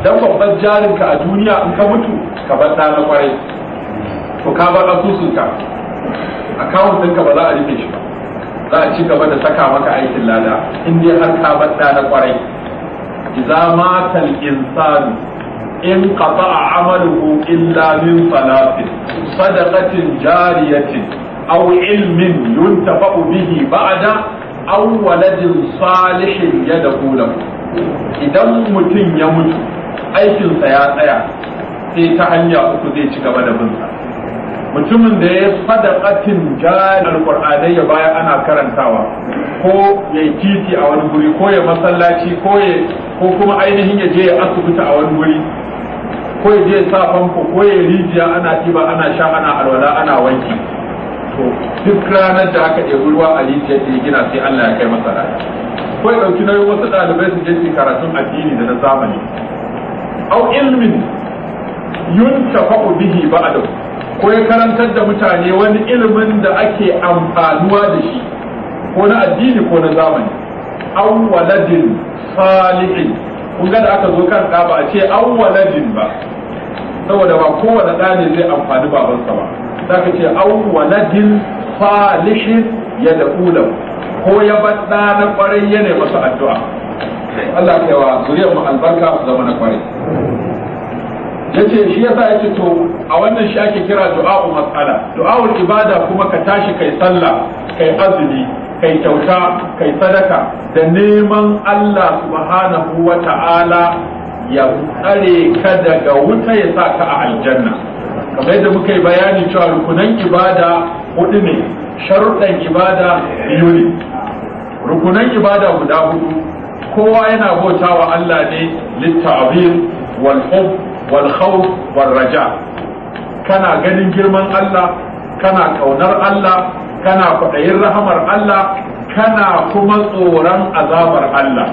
dan babban ka a duniya in ka mutu ka bar ɗa na kwarai to ka bar asusunka kawun ɗinka ba za a rike shi za a ci gaba da saka maka aikin lada in dai har ka bar ɗa na kwarai idza matal insanu in kafa amaluhu illa min salatin sadaqatin jariyatin aw ilmin yuntafa'u bihi da aw waladin salihin yad'u lahu idan mutum ya mutu aikinsa ya tsaya sai ta hanya uku zai ci gaba da binsa mutumin da ya sadaqatin jari alqur'anai ya baya ana karantawa ko ya titi a wani guri ko ya masallaci ko ya ko kuma ainihin ya je ya asibiti a wani guri ko ya je sa famfo ko ya rijiya ana ci ba ana sha ana alwala ana wanki to duk ranar da aka ɗebi ruwa a rijiya ta gina sai Allah ya kai masa rana ko ya ɗauki nauyin wasu ɗalibai su je su karatun addini da na zamani au ilmin yuntafa'u bihi ba'dahu ko ya karantar da mutane wani ilimin da ake amfanuwa da shi ko na addini ko na zamani aw waladin salihin kun ga da aka zo kan ɗa ba a ce awwaladin ba saboda ba kowane ɗa ne zai amfani babansa ba za ka ce awwaladin falihin ya da ulam ko ya bar ɗa na ƙwarai ya masa addu'a Allah ya wa zuriyar mu albarka zama na ƙwarai yace shi yasa yace to a wannan shi ake kira du'awar mas'ala du'a'ul ibada kuma ka tashi kai sallah kai azumi kai kyauta kai sadaka da neman Allah subhanahu wa ta'ala ya tsare ka daga wuta ya sa ka a aljanna kamar yadda muka yi bayani cewa rukunan ibada hudu ne sharuɗan ibada biyu ne rukunan ibada guda hudu kowa yana bautawa Allah ne litta'zim wal hubb wal khawf raja kana ganin girman Allah kana kaunar Allah kana kwaɗayin rahamar Allah kana kuma tsoron azabar Allah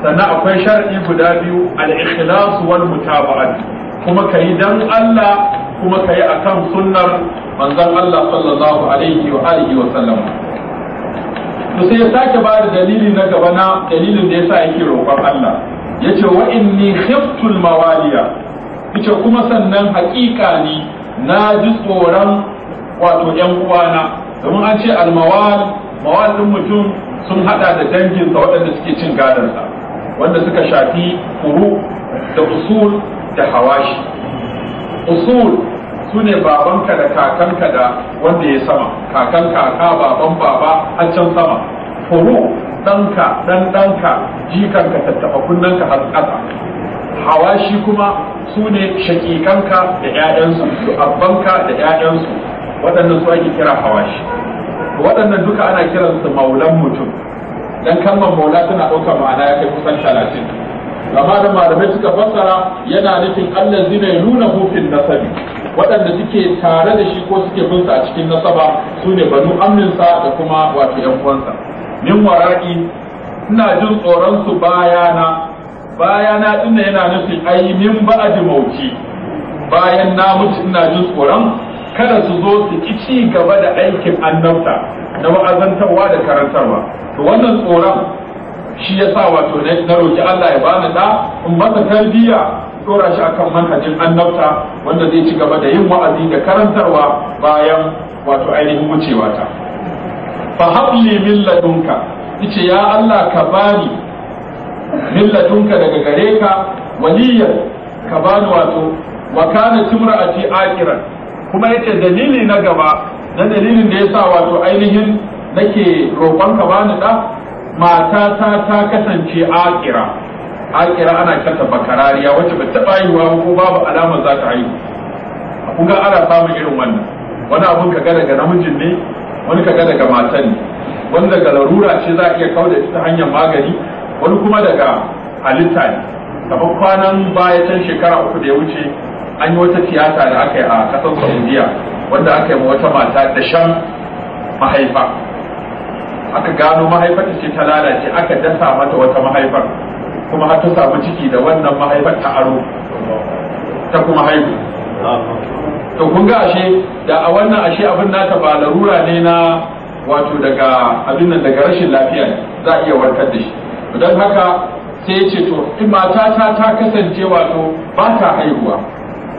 sannan akwai shar'i guda biyu al-ikhlas wal mutaba'at kuma kayi dan Allah kuma kayi akan sunnar manzon Allah sallallahu alaihi wa alihi wa sallam to ya sake ba da dalili na gaba na dalilin da yasa yake roƙon Allah yace wa inni khiftul mawaliya ita kuma sannan haƙiƙa ne na ji tsoron wato ‘yan uwana domin an ce almawal mawal ɗin mutum sun haɗa da danginsa waɗanda suke cin gadonsa wanda suka shafi kuru da usul da hawashi usul su ne babanka da kakanka da wanda ya sama kakan kaka baban baba a can sama furu ɗanka ɗan ɗanka jikanka tattafa kunnanka har ƙasa hawashi kuma su ne shakikanka da 'ya'yansu su abbanka da 'ya'yansu waɗannan su ake kira hawashi waɗannan duka ana kiransu maulan mutum dan kalmar maula tana ɗaukar ma'ana ya kai kusan talatin amma da malamai suka fassara yana nufin allah zina ya nuna hufin nasabi waɗanda suke tare da shi ko suke binsa a cikin nasaba su ne banu amninsa da kuma wato yan uwansa min waraƙi ina jin tsoron su bayana bayana dinnan yana nufin ai min ba'di mauti bayan na mutu ina jin tsoron kada su zo su ki ci gaba da aikin annabta na wa'azantarwa da karantarwa to wannan tsoron shi ya sa wato na roki Allah ya bani da in masa tarbiyya dora shi akan manhajin annabta wanda zai ci gaba da yin wa'azi da karantarwa bayan wato ainihin wucewa ta fa habli min ladunka yace ya Allah ka bani millatunka daga gare ka waliyan ka bani wato wa kana ce akira kuma yace dalili na gaba na dalilin da yasa wato ainihin nake roƙon ka bani da mata ta ta kasance akira akira ana kanta bakarariya wacce ba ta bayuwa ko babu alama za ta haihu kun ga ana samun irin wannan wani abun ka ga daga namijin ne wani ka ga daga matan ne wani daga larura ce za a iya da ta hanyar magani wani kuma daga halitta ne kamar kwanan baya can shekara uku da ya wuce an yi wata tiyata da aka yi a ƙasar saudiya wanda aka yi wata mata da shan mahaifa aka gano ta ce ta lalace aka dasa mata wata mahaifar kuma har ta samu ciki da wannan mahaifar ta aro ta kuma haihu to kun ga ashe da a wannan ashe abin nata ba larura ne na wato daga abin nan daga rashin lafiya za a iya warkar da shi don haka sai ya ce to in matata ta kasance wato ba ta haihuwa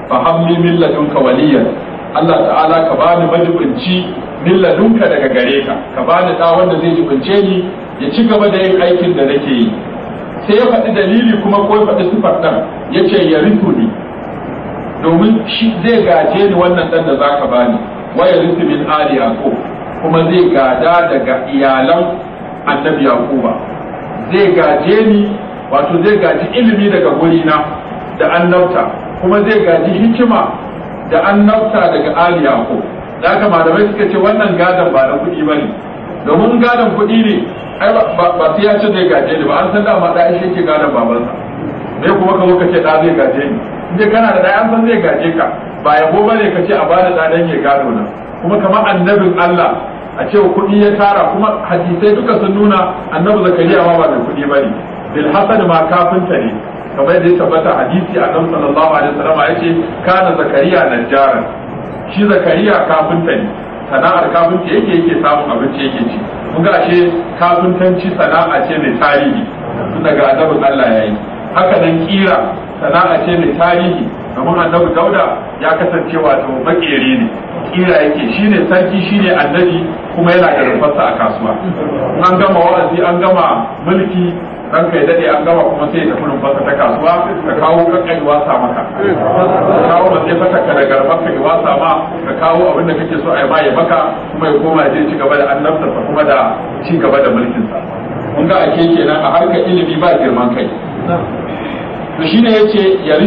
fa hammi milladun ladunka waliyan Allah ta'ala ka bani majibinci milladun ladunka daga gare ka ka bani da wanda zai jibince ni ya ci gaba da yin aikin da nake yi sai ya faɗi dalili kuma ko ya faɗi sifar ɗan ya ce ya ritu ni domin shi zai gaje ni wannan ɗan da za ka bani wa ya ritu min ali kuma zai gada daga iyalan annabi yakuba zai gaje ni wato zai gaji ilimi daga gurina da annabta kuma zai gaji hikima da annabta daga ali yaqub da haka malamai suka ce wannan gadon ba da kuɗi bane domin gadon kuɗi ne ai ba sai ya ce zai gaje ni ba an san dama da shi yake gadon sa me kuma ka zo ce da zai gaje ni in kana da dai an san zai gaje ka ba yabo bane ka ce a bada da dan ya gado na kuma kamar annabin Allah a ce kuɗi ya tara kuma hadisai duka sun nuna annabi zakariya ma ba da kuɗi ba ne bil hasan ma kafinta ne kamar da ya tabbata hadisi nan sallallahu alaihi wasallam ya ce kana zakariya najjaran shi zakariya kafinta ne sana'ar kafinta yake yake samun abinci yake ci kun ga ashe kafintanci sana'a ce mai tarihi tun daga annabin Allah yayi haka nan kira sana'a ce mai tarihi domin annabi dauda ya kasance wato makere ne kira yake shine sarki shine annabi kuma yana da rufarsa a kasuwa an gama wa'azi an gama mulki Dan kai dade an gama kuma sai ya tafi rumfarsa ta kasuwa ka kawo kanka wasa maka ka kawo mace ka da garbanka yi wasa ma ka kawo abin da kake so a yi ma ya baka kuma ya koma je ci gaba da annabtarsa kuma da ci gaba da mulkinsa mun ga ake kenan a harka ilimi ba girman kai to shine yace ya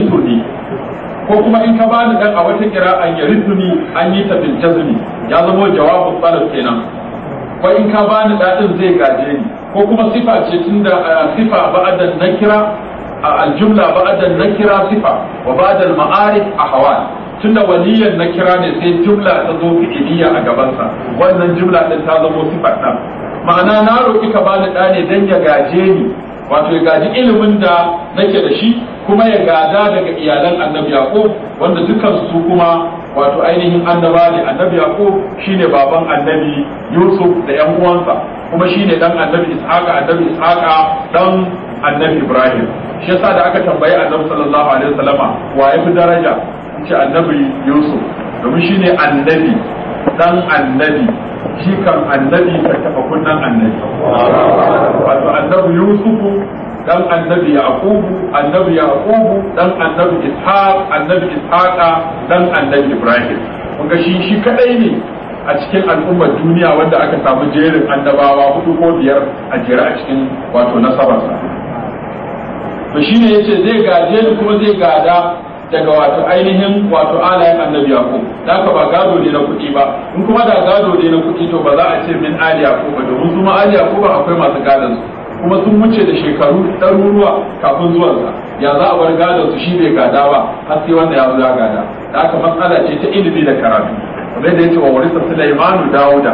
ko kuma in ka bani dan a wata kira an yariduni an yi ta bil ya zama jawabu talab kenan ko in ka bani din zai gaje ni ko kuma sifa ce tunda sifa ba'da nakira a aljumla ba'da nakira sifa wa ba'da maarif ahwal tunda waliyan nakira ne sai jumla ta zo fi'iliya a gabansa wannan jumla din ta zama ta ma'ana na roki ka bani da ne dan ya gaje ni wato ya gaji ilimin da nake da shi kuma ya gada daga iyalan annabi yaqub wanda dukan su kuma wato ainihin annaba ne annabi yaqub shine baban annabi yusuf da yan uwansa kuma shine dan annabi ishaqa annabi ishaqa dan annabi ibrahim shi yasa da aka tambayi annabi sallallahu alaihi wasallama wa yafi daraja ce annabi yusuf domin shine annabi dan annabi shi kan annabi ka taɓa kunnan annabi wato annabi yusufu dan annabi yaqubu annabi yaqubu dan annabi ishaq annabi ishaqa dan annabi ibrahim kun shi shi kadai ne a cikin al'ummar duniya wanda aka samu jerin annabawa hudu ko biyar a jere a cikin wato nasabarsa to shine yace zai gaje ni kuma zai gada daga wato ainihin wato alayen annabi yakub da ka ba gado ne na kuɗi ba in kuma da gado ne na kuɗi to ba za a ce min ali yakub ba domin su ma ali yakub akwai masu gadon su kuma sun wuce da shekaru ɗaruruwa kafin zuwan sa ya za a bar gadon su shi bai gada ba har sai wanda ya zuwa gada da haka matsala ce ta ilimi da karatu kuma yadda yake wa warisa sulaimanu dawuda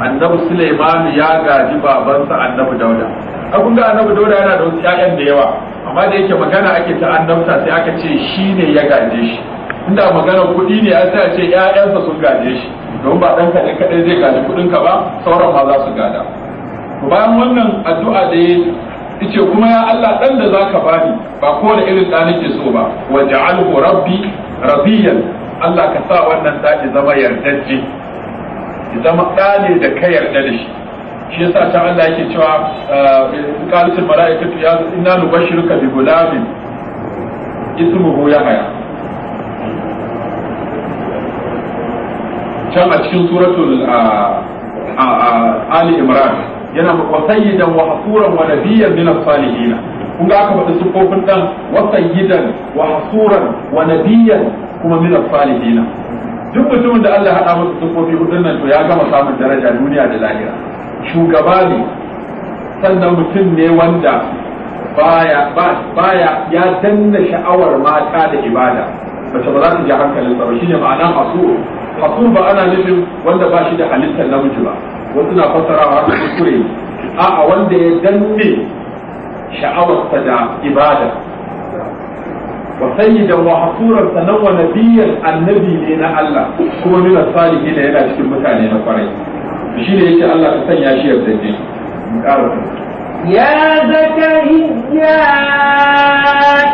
annabi sulaimanu ya gaji babansa annabi dauda a annabi dauda yana da wasu ƴaƴan da yawa amma da yake magana ake ta annabta sai aka ce shi ne ya gaje shi inda magana kuɗi ne a sai a ce ƴaƴansa sun gaje shi don ba ɗan kaɗai kaɗai zai gaji kuɗin ka ba sauran ma za su gada bayan wannan addu'a da ya ce kuma ya Allah ɗan da zaka bani ba kowane irin ɗa nake so ba wa ja'alhu rabbi radiyan Allah ka sa wannan ɗa zama yardajje ya zama ɗa da ka yarda da shi shi yasa ta Allah yake cewa ah, qalatul malaikatu ya inna nubashshiruka bi gulamin ismuhu yahya can a cikin suratul ah, ah, ali imran yana wa sayyidan wa hasuran wa nabiyyan min as-salihin kun ga aka faɗi siffofin dan wa sayyidan wa hasuran wa nabiyyan kuma min as-salihin duk mutumin da Allah ya haɗa masa siffofi hudun nan to ya gama samun daraja duniya da lahira shugaba ne sannan mutum ne wanda baya baya ya danna sha'awar mata da ibada mace ba za ta ji hankalin ba shine ma'ana hasur hasur ba ana nufin wanda ba shi da halittar namiji ba wasu na fassarawa haka kuskure a'a wanda ya danne sha'awarsa da ibada وسيدا annabi ne na Allah, لنا nuna salihi da yana cikin mutane na kwarai. shi ne yake Allah ka sanya shi ya يا زكريا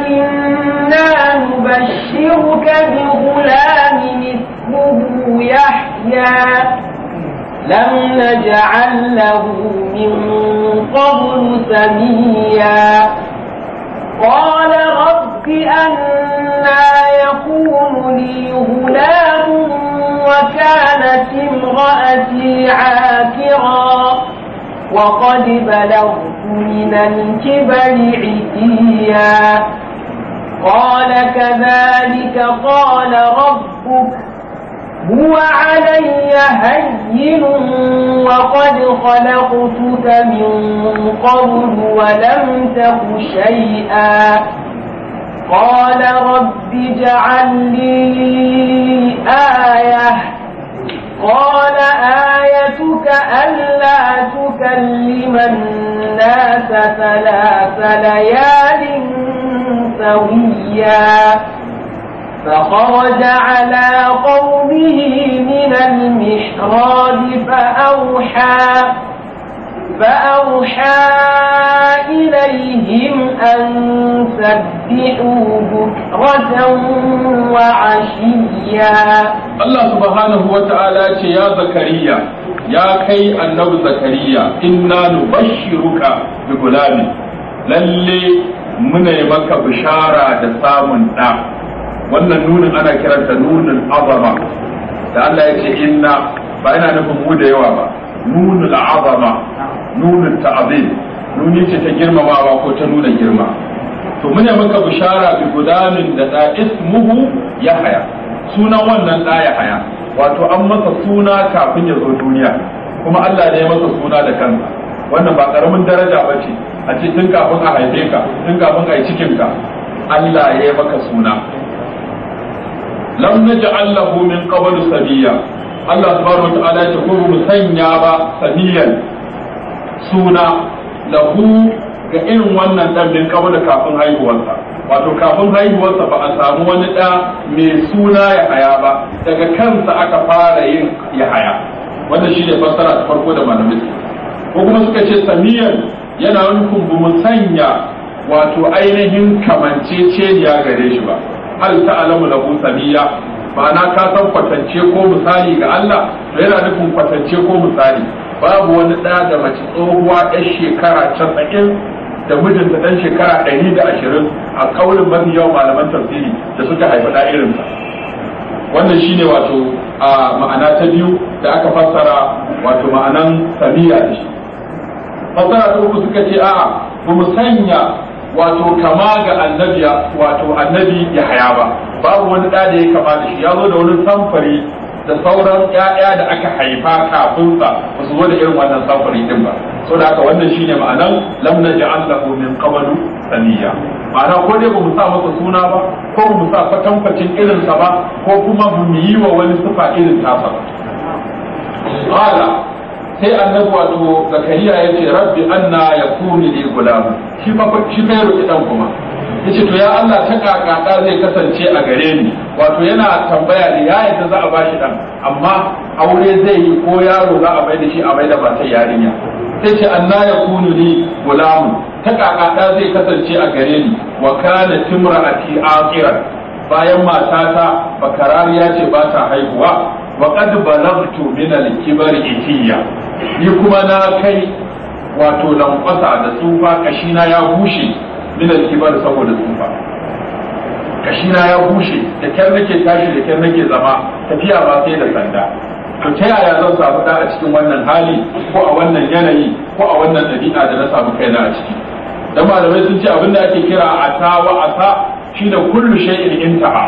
إنا نبشرك بغلام اسمه يحيى لم نجعل له من قبل سميا قال رب أنا يكون لي غلام وكانت امرأتي عاكرا وقد بلغت من الكبر عتيا قال كذلك قال ربك هو علي هين وقد خلقتك من قبل ولم تك شيئا قال رب اجعل لي آية قال آيتك ألا تكلم الناس ثلاث ليال سويا فخرج على قومه من المحراب فأوحى فأوحى إليهم أن سبحوا بكرة وعشيا الله سبحانه وتعالى يا زكريا يا كي النبي زكريا إنا نبشرك بغلام للي من maka bishara da samun ɗa wannan nunin ana kiranta nunin azama da Allah ya ce inna ba yana nufin mu da yawa ba nunu al'azama nunun ta'azim nuni ce ta girmamawa ko ta nuna girma to mune maka bishara bi gudanin da da ismuhu ya haya sunan wannan da ya haya wato an masa suna kafin ya zo duniya kuma Allah ne ya masa suna da kansa wannan ba karamin daraja ba ce a ce tun kafin a haife ka tun kafin a yi cikin ka Allah ya yi maka suna lam naj'al lahu min qablu sabiya Allah subhanahu wa ta'ala ya kuma mu sanya ba samiyan suna lahu ga irin wannan dan min kawo da kafin haihuwarsa wato kafin haihuwarsa ba a samu wani da mai suna ya haya ba daga kansa aka fara yin ya haya wannan shi ne fassara ta farko da malamai ko kuma suka ce samiyan yana nufin ba mu sanya wato ainihin kamanceceniya gare shi ba hal alamu lahu samiya ma'ana ka san kwatance ko misali ga Allah to yana nufin kwatance ko misali babu wani ɗa da mace tsohuwa ɗan shekara casa'in da mijinta ɗan shekara ɗari da ashirin a kaurin mafi yawan malaman tafsiri da suka haifi irin irinsa wannan shine wato a ma'ana ta biyu da aka fassara wato ma'anan samiya da shi fassara ta uku suka ce a'a ba mu sanya wato kama ga annabi wato annabi ya haya ba babu wani da da ya kama da shi ya zo da wani samfari da sauran 'ya'ya da aka haifa kafin sa ba su zo da irin wannan samfari din ba saboda haka wannan shine ma'anan lam naj'al lahu min qablu saniya ma'ana ko dai ba mu sa masa suna ba ko mu sa tamfacin irin sa ba ko kuma mu yi wa wani sifa irin tasa ba sai annabi wato zakariya ya ce rabbi anna yakuni li gulam shi shi fa roki dan kuma yace to ya Allah ta da zai kasance a gare ni wato yana tambaya ne ya yadda za a bashi dan amma aure zai yi ko yaro za a bai da shi a bai da ba sai yarinya sai ce anna yakuni li gulam ta da zai kasance a gare ni wa kana timra'ati akira bayan matata bakarariya ce ba ta haihuwa wa qad balagtu min al-kibari ni kuma na kai wato lankwasa da tsufa kashina ya bushe minan kibar saboda tsufa kashina ya bushe da kyar nake tashi da kyar nake zama tafiya ba sai da sanda to ta yaya zan samu da a cikin wannan hali ko a wannan yanayi ko a wannan ɗabi'a da na samu kaina a ciki dan malamai sun ce abin da ake kira ata wa ata shine kullu shay'in intaha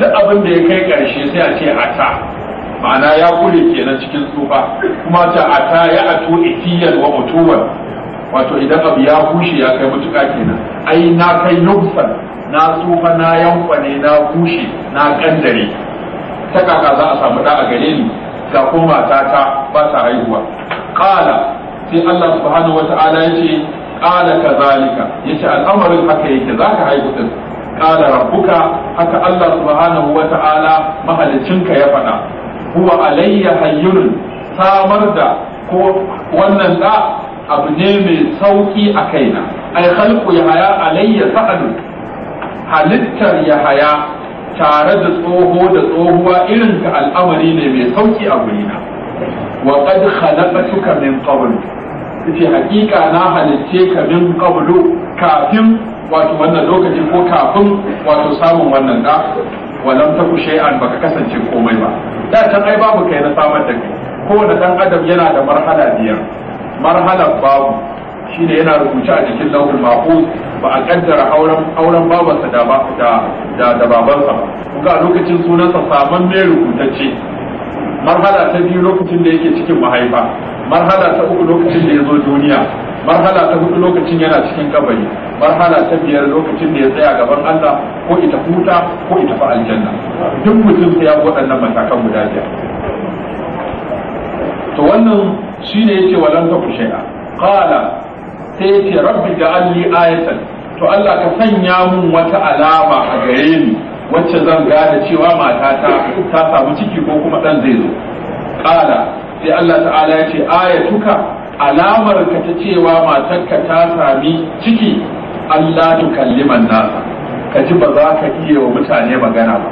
duk abin da ya kai karshe sai a ce ata ma'ana ya kule kenan cikin tsufa kuma ta ata ya ato itiyan wa mutuwar, wato idan abu ya bushe ya kai mutuka kenan ai na kai nufsan na tsufa na yankwane na bushe na kandare ta kaka za a samu da a gare ni ga ko ta ba ta haihuwa qala sai Allah subhanahu wata'ala yace qala kazalika yace al'amarin haka yake zaka haihu din qala rabbuka haka Allah subhanahu wata'ala mahalicinka ya faɗa huwa alayya samar da ko wannan da abu ne mai sauki a kaina ai khalqu yahaya alayya sa'al halittar yahaya tare da tsoho da tsohuwa irin ka al'amari ne mai sauki a gurina wa qad khalaqtuka min qabl ce hakika na halicce ka min qablu kafin wato wannan lokacin ko kafin wato samun wannan da walam taku shay'an baka kasance komai ba da can ai babu kai na samar da kai kowane dan adam yana da marhala biyar marhalar babu shine yana rubuce a jikin lauhul mahfuz ba a kaddara auren auren babansa da ba da da, da babansa ba lokacin sunansa saman mai rubutacce marhala ta biyu lokacin da yake cikin mahaifa marhala ta uku lokacin da ya zo duniya marhala ta hudu lokacin yana cikin kabari marhala ta biyar lokacin da ya tsaya gaban Allah ko ita huta ko ita fa aljanna duk mutum sai ya waɗannan matakan guda biyar to wannan shine yake walan ta kushaya qala sai yace rabbi ja'alni ayatan to Allah ka sanya mun wata alama a gare ni wacce zan gane cewa matata ta samu ciki ko kuma dan zai zo qala sai Allah ta'ala ya ce ayatuka alamar ka ta cewa matarka ta sami ciki Allah kalliman nasa ka ji ba za ka iya wa mutane magana ba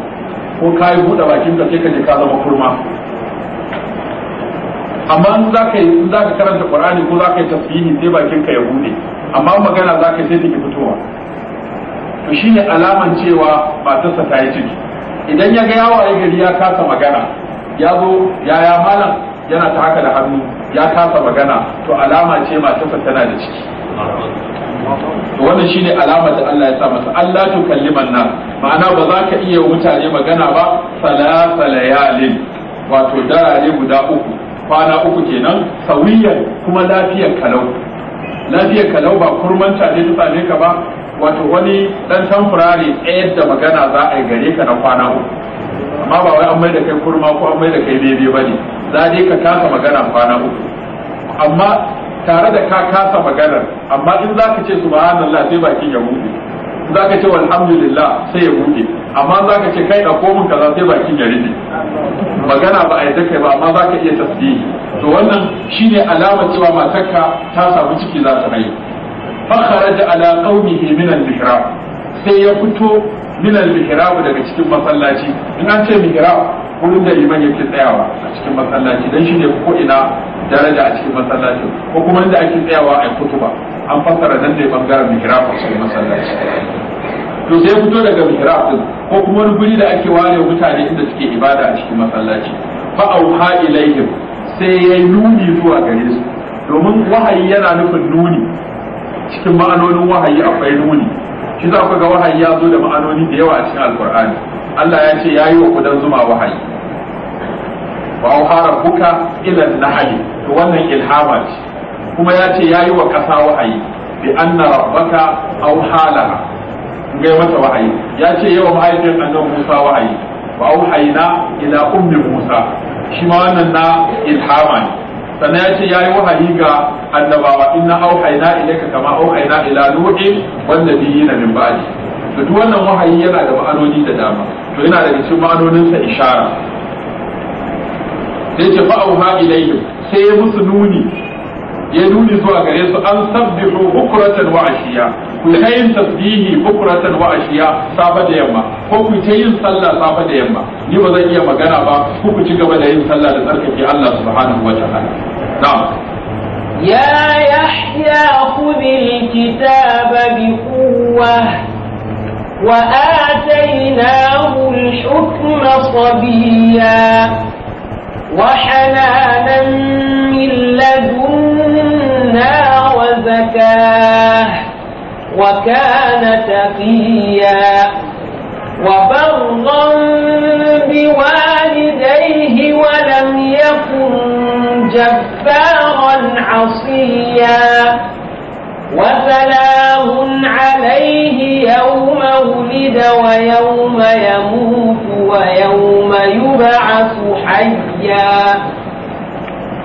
ko ka yi buɗe bakin ka sai ka ji ka zama kurma amma in za ka in za ka karanta Qur'ani ko za ka yi tasbihi sai bakin ka ya bude amma magana za ka sai take fitowa to shine alaman cewa matarsa ta yi ciki idan ya ga yawa ya gari ya kasa magana ya zo yaya malam yana ta haka da hannu ya kasa magana to alama ce matarsa tana da ciki to wannan shine alama da Allah ya sa masa Allah to kalliman nan ma'ana ba za ka iya mutane magana ba salasa layalin wato darare guda uku kwana uku kenan Sauriyar kuma lafiyar kalau lafiyar kalau ba kurmanta ne ta same ka ba wato wani dan tamfurare tsayar da magana za a yi gare ka na kwana uku amma ba wai an mai da kai kurma ko an mai da kai bebe ba ne za dai ka kasa magana kwana uku amma tare da ka kasa maganar amma in za ka ce subhanallah sai bakin ya buɗe za ka ce alhamdulillah sai ya buɗe amma za ka ce kai ɗauko mun kaza sai bakin ya rufe magana ba a yi kai ba amma za ka iya tasbihi to wannan shine alamar cewa matarka ta samu ciki za ta haihu fakharaja ala qaumihi min al-mihrab sai ya fito minal mihrabu daga cikin masallaci in an ce mihrab wurin da liman yake tsayawa a cikin masallaci dan shine ko ina daraja a cikin masallaci ko kuma inda ake tsayawa a kutuba an fassara nan da bangaren mihrab a cikin masallaci to sai fito daga mihrab din ko kuma wani guri da ake ware mutane inda suke ibada a cikin masallaci fa auha ilaihim sai ya nuni zuwa gare su domin wahayi yana nufin nuni cikin ma'anonin wahayi akwai nuni shi za ku ga wahayi ya zo da ma'anoni da yawa a cikin alkur'ani Allah ya ce ya yi wa kudan zuma wahayi wa auha rabbuka ila hali. to wannan ilhama ce kuma ya ce ya yi wa kasa wahayi bi anna rabbaka auhala laha ga mata wahayi ya ce yawa mahaifin annan Musa wahayi wa na ila ummi Musa shi ma wannan na ilhama sannan ya ce ya yi wahayi ga annabawa inna auhayna ilayka kama auhayna ila nuhi wan nabiyina min ba'di to duk wannan wahayi yana da ma'anoni da dama to yana da cikin ma'anonin sa ishara sai ce fa'auha ilayhi sai ya musu nuni ya nuni zuwa gare su an sabbihu bukratan wa ashiya ku ta yin tasbihi bukratan wa ashiya safa da yamma ko ku ta yin sallah safa da yamma ni ba zan iya magana ba ku ku ci gaba da yin sallah da tsarkake Allah subhanahu wa ta'ala na'am ya yahya khudhil kitaba bi quwwa wa atainahu al-hukma sabiya wa hananan min wa zakah wa kana taqiya wa جبارا عصيا وسلام عليه يوم ولد ويوم يموت ويوم يبعث حيا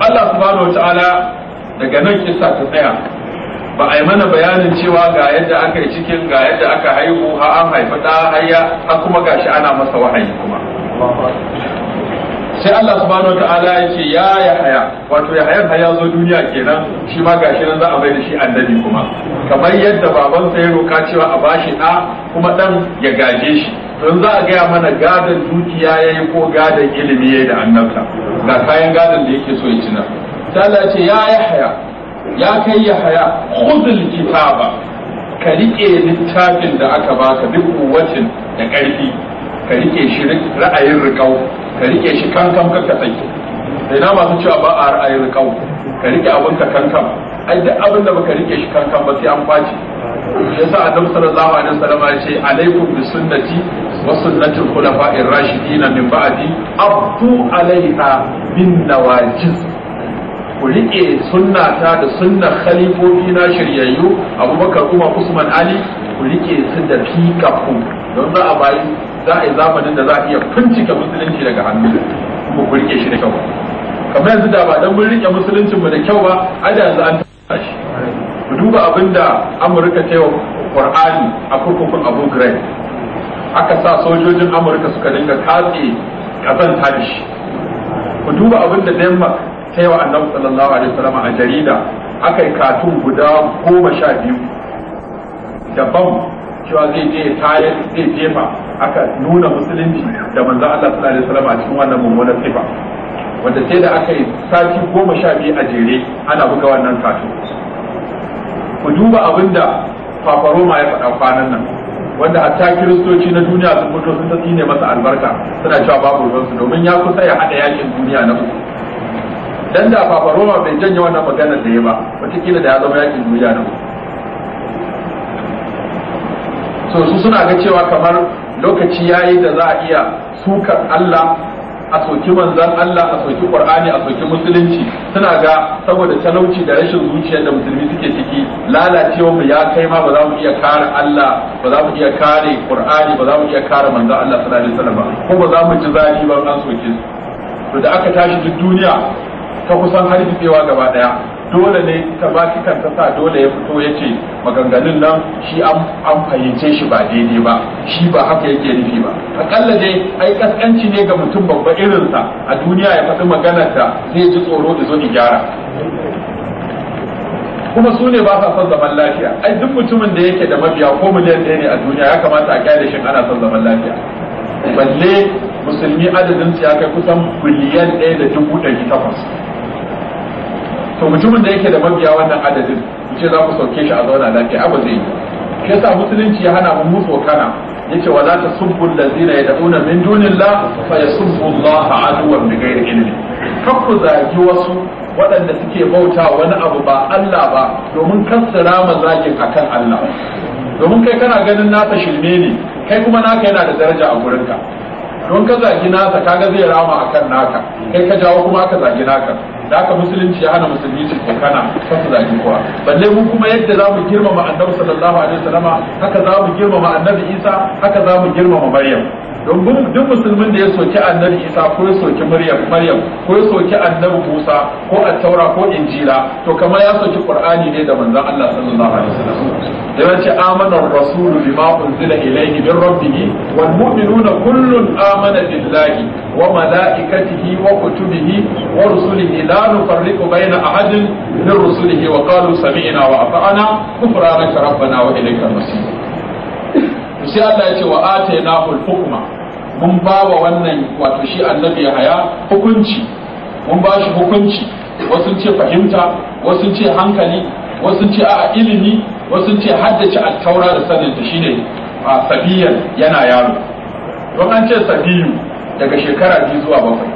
الله سبحانه وتعالى daga nan kisa ta tsaya ba a yi mana bayanin cewa ga yadda aka yi cikin ga yadda aka haihu ha an haifi ɗa hayya har kuma gashi ana masa wahayi kuma sai Allah subhanahu ta'ala ya ce ya haya wato ya haya ya zo duniya kenan shi ma gashi nan za a bai da shi annabi kuma kamar yadda babansa ya roka cewa a bashi da kuma dan ya gaje shi don za a gaya mana gadon dukiya yayi ko gadon ilimi yayi da annabta ga kayan gadon da yake so ya cina sai Allah ce ya haya ya kai Yahaya khudul kitaba ka rike littafin da aka baka duk kuwatin da ƙarfi ka rike shi ra'ayin rikau ka rike shi kankan ka ka tsaki ina masu cewa ba a ra'ayin rikau ka rike abin ka kankan ai duk abin da baka rike shi kankan ba sai an kwaci yasa annabi sallallahu alaihi wasallam ya ce alaikum bi sunnati wa sunnati al-khulafa'ir rashidin min ba'di abdu alaiha bin nawajiz ku rike sunnata da sunnar khalifofi na shiryayyu abubakar umar usman ali ku rike su da fika ku don za a bayi za a yi zamanin da za a iya bincike musulunci daga hannu kuma ku rike shi da kyau kamar yanzu da ba dan mun rike musuluncin mu da kyau ba a da yanzu an tabbata shi ku duba abin da Amurka ta yi Qur'ani a kurkukun Abu Ghraib aka sa sojojin Amurka suka dinga katse kazanta da shi ku duba abin da Denmark ta yi wa Annabi sallallahu alaihi wasallam a jarida aka yi katun guda goma sha biyu da bam cewa zai je tayar zai jefa aka nuna musulunci da manzo Allah sallallahu alaihi wasallam a cikin wannan mummunan sifa wanda sai da aka yi sati goma sha biyu a jere ana buga wannan kato ku duba abin da fafaroma ya faɗa kwanan nan wanda hatta kiristoci na duniya sun fito sun ta tsine masa albarka suna cewa babu ruwansu domin ya kusa ya haɗa yakin duniya na uku dan da fafaroma bai janye wannan maganar da ya ba wataƙila da ya zama yakin duniya na uku so su suna ga cewa kamar lokaci yayi da za a iya sukar Allah a soki manzan Allah a soki Qur'ani a soki musulunci suna ga saboda talauci da rashin zuciya da musulmi suke ciki lalacewa mu ya kai ma ba za mu iya kare Allah ba za mu iya kare Qur'ani ba za mu iya kare manzan Allah sallallahu alaihi wasallam ko ba za mu ji zafi ba an soki su to da aka tashi duk duniya ta kusan cewa gaba daya dole ne ta ba ki ta sa dole ya fito ya ce maganganun nan shi an fahimce shi ba daidai ba shi ba haka yake nufi ba akalla dai ai kaskanci ne ga mutum babba irinsa a duniya ya faɗi maganar da zai ji tsoro da zo gyara kuma su ne ba sa son zaman lafiya ai duk mutumin da yake da mabiya ko miliyan ɗaya ne a duniya ya kamata a kyale shi ana son zaman lafiya balle musulmi adadin su ya kai kusan miliyan ɗaya da dubu ɗari takwas to mutumin da yake da mabiya wannan adadin ku ce za ku sauke shi a zauna lafiya abu zai yi shi yasa musulunci ya hana mu musu kana yace ta tasubbu allazina yad'una min dunillah fa yasubbu Allah aduwan bi ghairi ilmi kakku zagi wasu waɗanda suke bauta wani abu ba Allah ba domin ma mazajin akan Allah domin kai kana ganin nasa shirme ne kai kuma naka yana da daraja a gurinka don ka zagi nasa kaga zai rama akan naka kai ka jawo kuma ka zagi naka da aka musulunci ya hana musulmi su kokana kasu zagi kowa balle mu kuma yadda za mu girmama annabi sallallahu alaihi wasallama haka za mu girmama annabi isa haka za mu girmama maryam domin duk musulmin da ya soki annabi isa ko ya soki maryam maryam ko ya soki annabi musa ko taura, ko injila to kamar ya soki qur'ani ne da manzon Allah sallallahu alaihi wasallam yana ce amana rasulu bima unzila ilayhi min rabbih wal mu'minuna kullun amana billahi wa malaikatihi wa kutubihi wa rusulihi la nufarriqu bayna ahadin min rusulihi wa qalu sami'na wa ata'na ghufranaka rabbana wa ilayka al-masir sai Allah ya ce wa atainahu al-hukma mun ba wa wannan wato shi annabi haya hukunci mun ba shi hukunci wasu ce fahimta wasu ce hankali wasu ce a ilimi wasu ce haddace altaura da sanin ta shine a sabiyan yana yaro don an ce sabiyu daga shekara biyu zuwa bakwai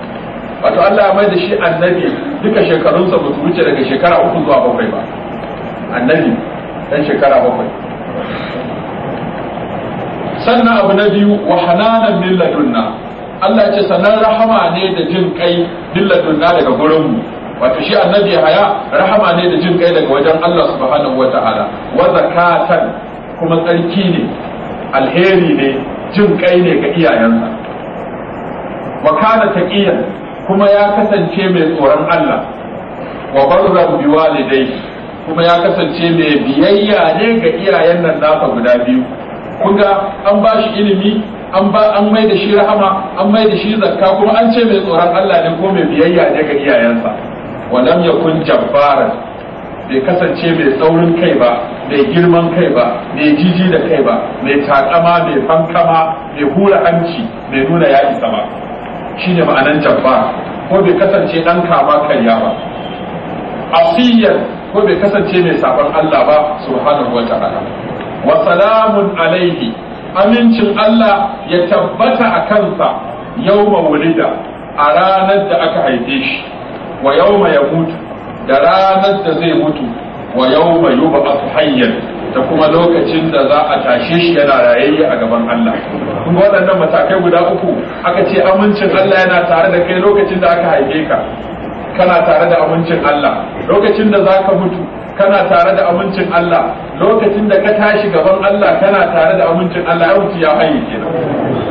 wato Allah ya mai da shi annabi duka shekarunsa ba su wuce daga shekara uku zuwa bakwai ba annabi dan shekara bakwai sannan abu na biyu wa hananan min ladunna Allah ce sannan rahama ne da jin kai min daga gurin mu wato shi annabi haya rahama ne da jin kai daga wajen Allah subhanahu wataala wa zakatan kuma tsarki ne alheri ne jin kai ne ga iyayensa wa kana taqiyan kuma ya kasance mai tsoron Allah wa barra bi walidayhi kuma ya kasance mai biyayya ne ga iyayen nan nasa guda biyu kunga an ba shi ilimi an ba an mai da shi rahama an mai da shi zakka kuma an ce mai tsoron Allah ne ko mai biyayya ne ga iyayensa walam yakun jabbara bai kasance mai tsaurin kai ba mai girman kai ba mai jiji da kai ba mai takama mai fankama mai hura hanci mai nuna ya isa ba shine ma'anan jabbara ko bai kasance dan kama karya ba asiyan ko bai kasance mai sabon Allah ba subhanahu wa ta'ala wa salamun alaihi amincin Allah ya tabbata a kansa yauma wulida a ranar da aka haife shi wa ma ya mutu da ranar da zai mutu wa yau yi yub'athu hanyar da kuma lokacin da za a tashe shi yana rayayye a gaban Allah kuma waɗannan matakai guda uku aka ce amincin Allah yana tare da kai lokacin da aka haife ka kana tare da amincin Allah lokacin da za ka mutu kana tare da amincin Allah lokacin da ka tashi gaban Allah kana tare da amincin Allah ya mutu ya haye kenan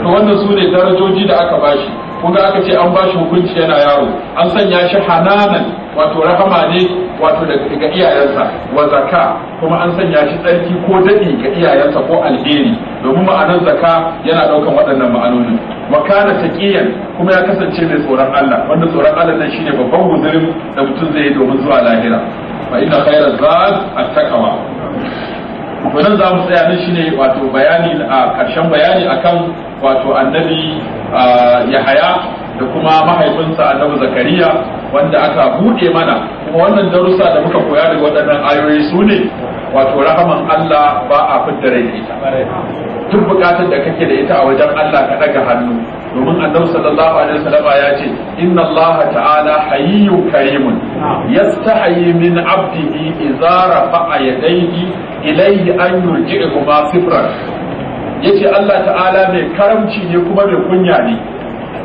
to wannan sune darajoji da aka bashi kuma aka ce an bashi hukunci yana yaro an sanya shi hananan wato rahama ne wato daga iyayensa wa zaka kuma an sanya shi tsarki ko daɗi ga iyayensa ko alheri domin ma'anar zaka yana ɗaukan waɗannan ma'anoni wa kana taqiyan kuma ya kasance mai tsoron Allah wanda tsoron Allah nan shine babban guzurin da mutum zai yi domin zuwa lahira fa inna khayra zad at-taqwa to nan za mu tsaya nan shine wato bayani a ƙarshen bayani akan wato annabi ah, yahaya da kuma mahaifinsa annabi zakariya wanda aka buɗe mana kuma wannan darussa da muka koya daga waɗannan ayoyi su ne wato rahaman Allah ba a fidda da ita duk bukatar da kake da ita a wajen Allah ka ɗaga hannu domin annabi sallallahu alaihi wasallam ya ce inna Allah ta'ala hayyun karimun yastahi min abdihi idza rafa'a yadayhi ilayhi an yurji'uhuma sifran yace Allah ta'ala mai karamci ne kuma mai kunya ne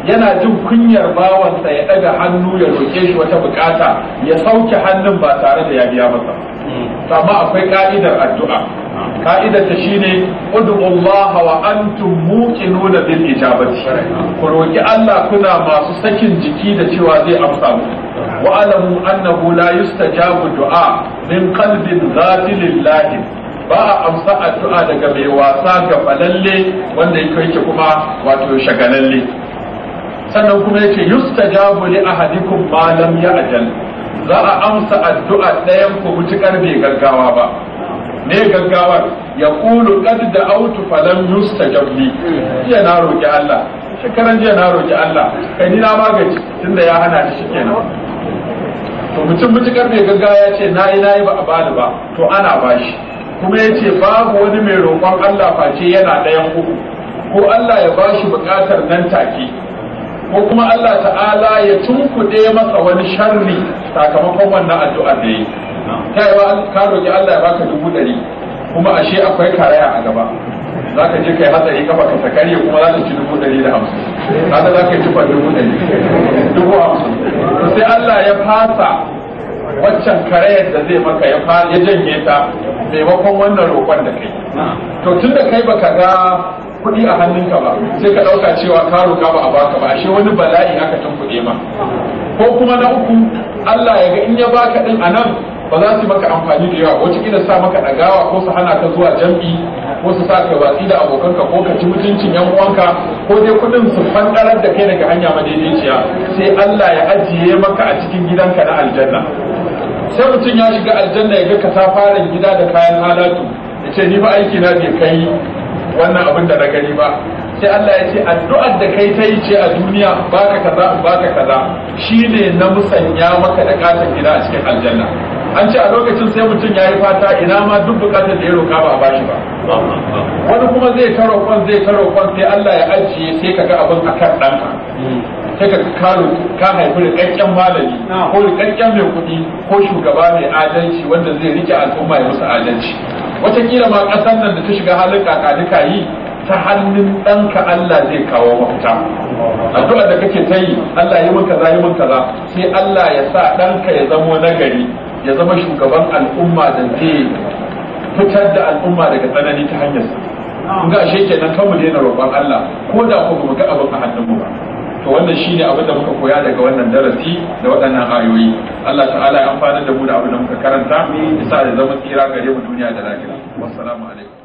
yana jin kunyar bawansa ya ɗaga hannu ya roke shi wata bukata ya sauke hannun ba tare da ya biya masa amma akwai ka'idar addu'a ka'idar ta shine ud'u Allah wa antum muqinuna bil ijabati ku roki Allah kuna masu sakin jiki da cewa zai amsa mu. wa alamu annahu la yustajabu du'a min qalbin zati lillahi ba a amsa addu'a daga mai wasa ga falalle wanda yake kuma wato shagalalle sannan kuma yace yustajabu li ahadikum ma lam ya'jal za a amsa addu'a ɗayan ku mutukar bai gaggawa ba ne gaggawar ya kulu kad da autu falam yustajab li jiya na roki Allah shekaran jiya na roki Allah kai ni na magaji tunda ya hana ni kenan to mutum mutukar bai gaggawa ya ce nayi nayi ba a bani ba to ana bashi kuma ya ce babu wani mai roƙon Allah face yana ɗayan uku ko Allah ya bashi buƙatar nan take ko kuma Allah ta'ala ya tunkuɗe masa wani sharri sakamakon wannan addu'ar da yi ta yi ka roƙi Allah ya baka dubu ɗari kuma ashe akwai karaya a gaba za ka je kai hatsari kafa ka sakari kuma za ka ci dubu ɗari da hamsin kaga za ka yi tufa dubu ɗari dubu hamsin sai Allah ya fasa waccan karayar da zai maka ya ya janye ta maimakon wannan roƙon da kai to tun da kai baka ga kudi a hannunka ba sai ka ɗauka cewa ka roka ba a baka ba ashe wani bala'i aka tunkuɗe ma ko kuma na uku Allah ya ga in ya baka din a nan ba za su maka amfani da yawa wata kila sa maka ɗagawa ko su hana ka zuwa jam'i ko su sa ka watsi da abokanka ko ka ci mutuncin yan uwanka ko dai kuɗin su fanɗarar da kai daga hanya madaidaiciya sai Allah ya ajiye maka a cikin gidanka na aljanna sai mutum ya shiga aljanna ya ga fara gida da kayan halatu ya ce ni ba aiki na bai kai wannan abin da na gani ba sai Allah ya ce addu'ar da kai ta yi ce a duniya baka kaza baka kaza shine na musanya maka da katon gida a cikin aljanna an ce a lokacin sai mutum ya yi fata ina ma duk bukatar da ya roƙa ba a bashi ba wani kuma zai taro kwan zai taro kwan sai Allah ya ajiye sai ga abin akan ɗanka sai ka karo ka haifi rikakken malami ko rikakken mai kuɗi ko shugaba mai adalci wanda zai rike al'umma ya musu adalci wataƙila ma ƙasar nan da ta shiga halin kakaduka yi ta hannun ɗanka Allah zai kawo mafita addu'a da kake ta yi Allah yi min kaza yi min kaza sai Allah ya sa ɗanka ya zama nagari ya zama shugaban al'umma da zai fitar da al'umma daga tsanani ta sa kun ga ashe kenan kan mu daina roƙon Allah ko da ko mu ga abin a hannun mu ba to wannan shine abin da muka koya daga wannan darasi da waɗannan ayoyi Allah ta'ala ya amfana da mu da abin da muka karanta ya sa da zama tsira gare mu duniya da lafiya wassalamu alaikum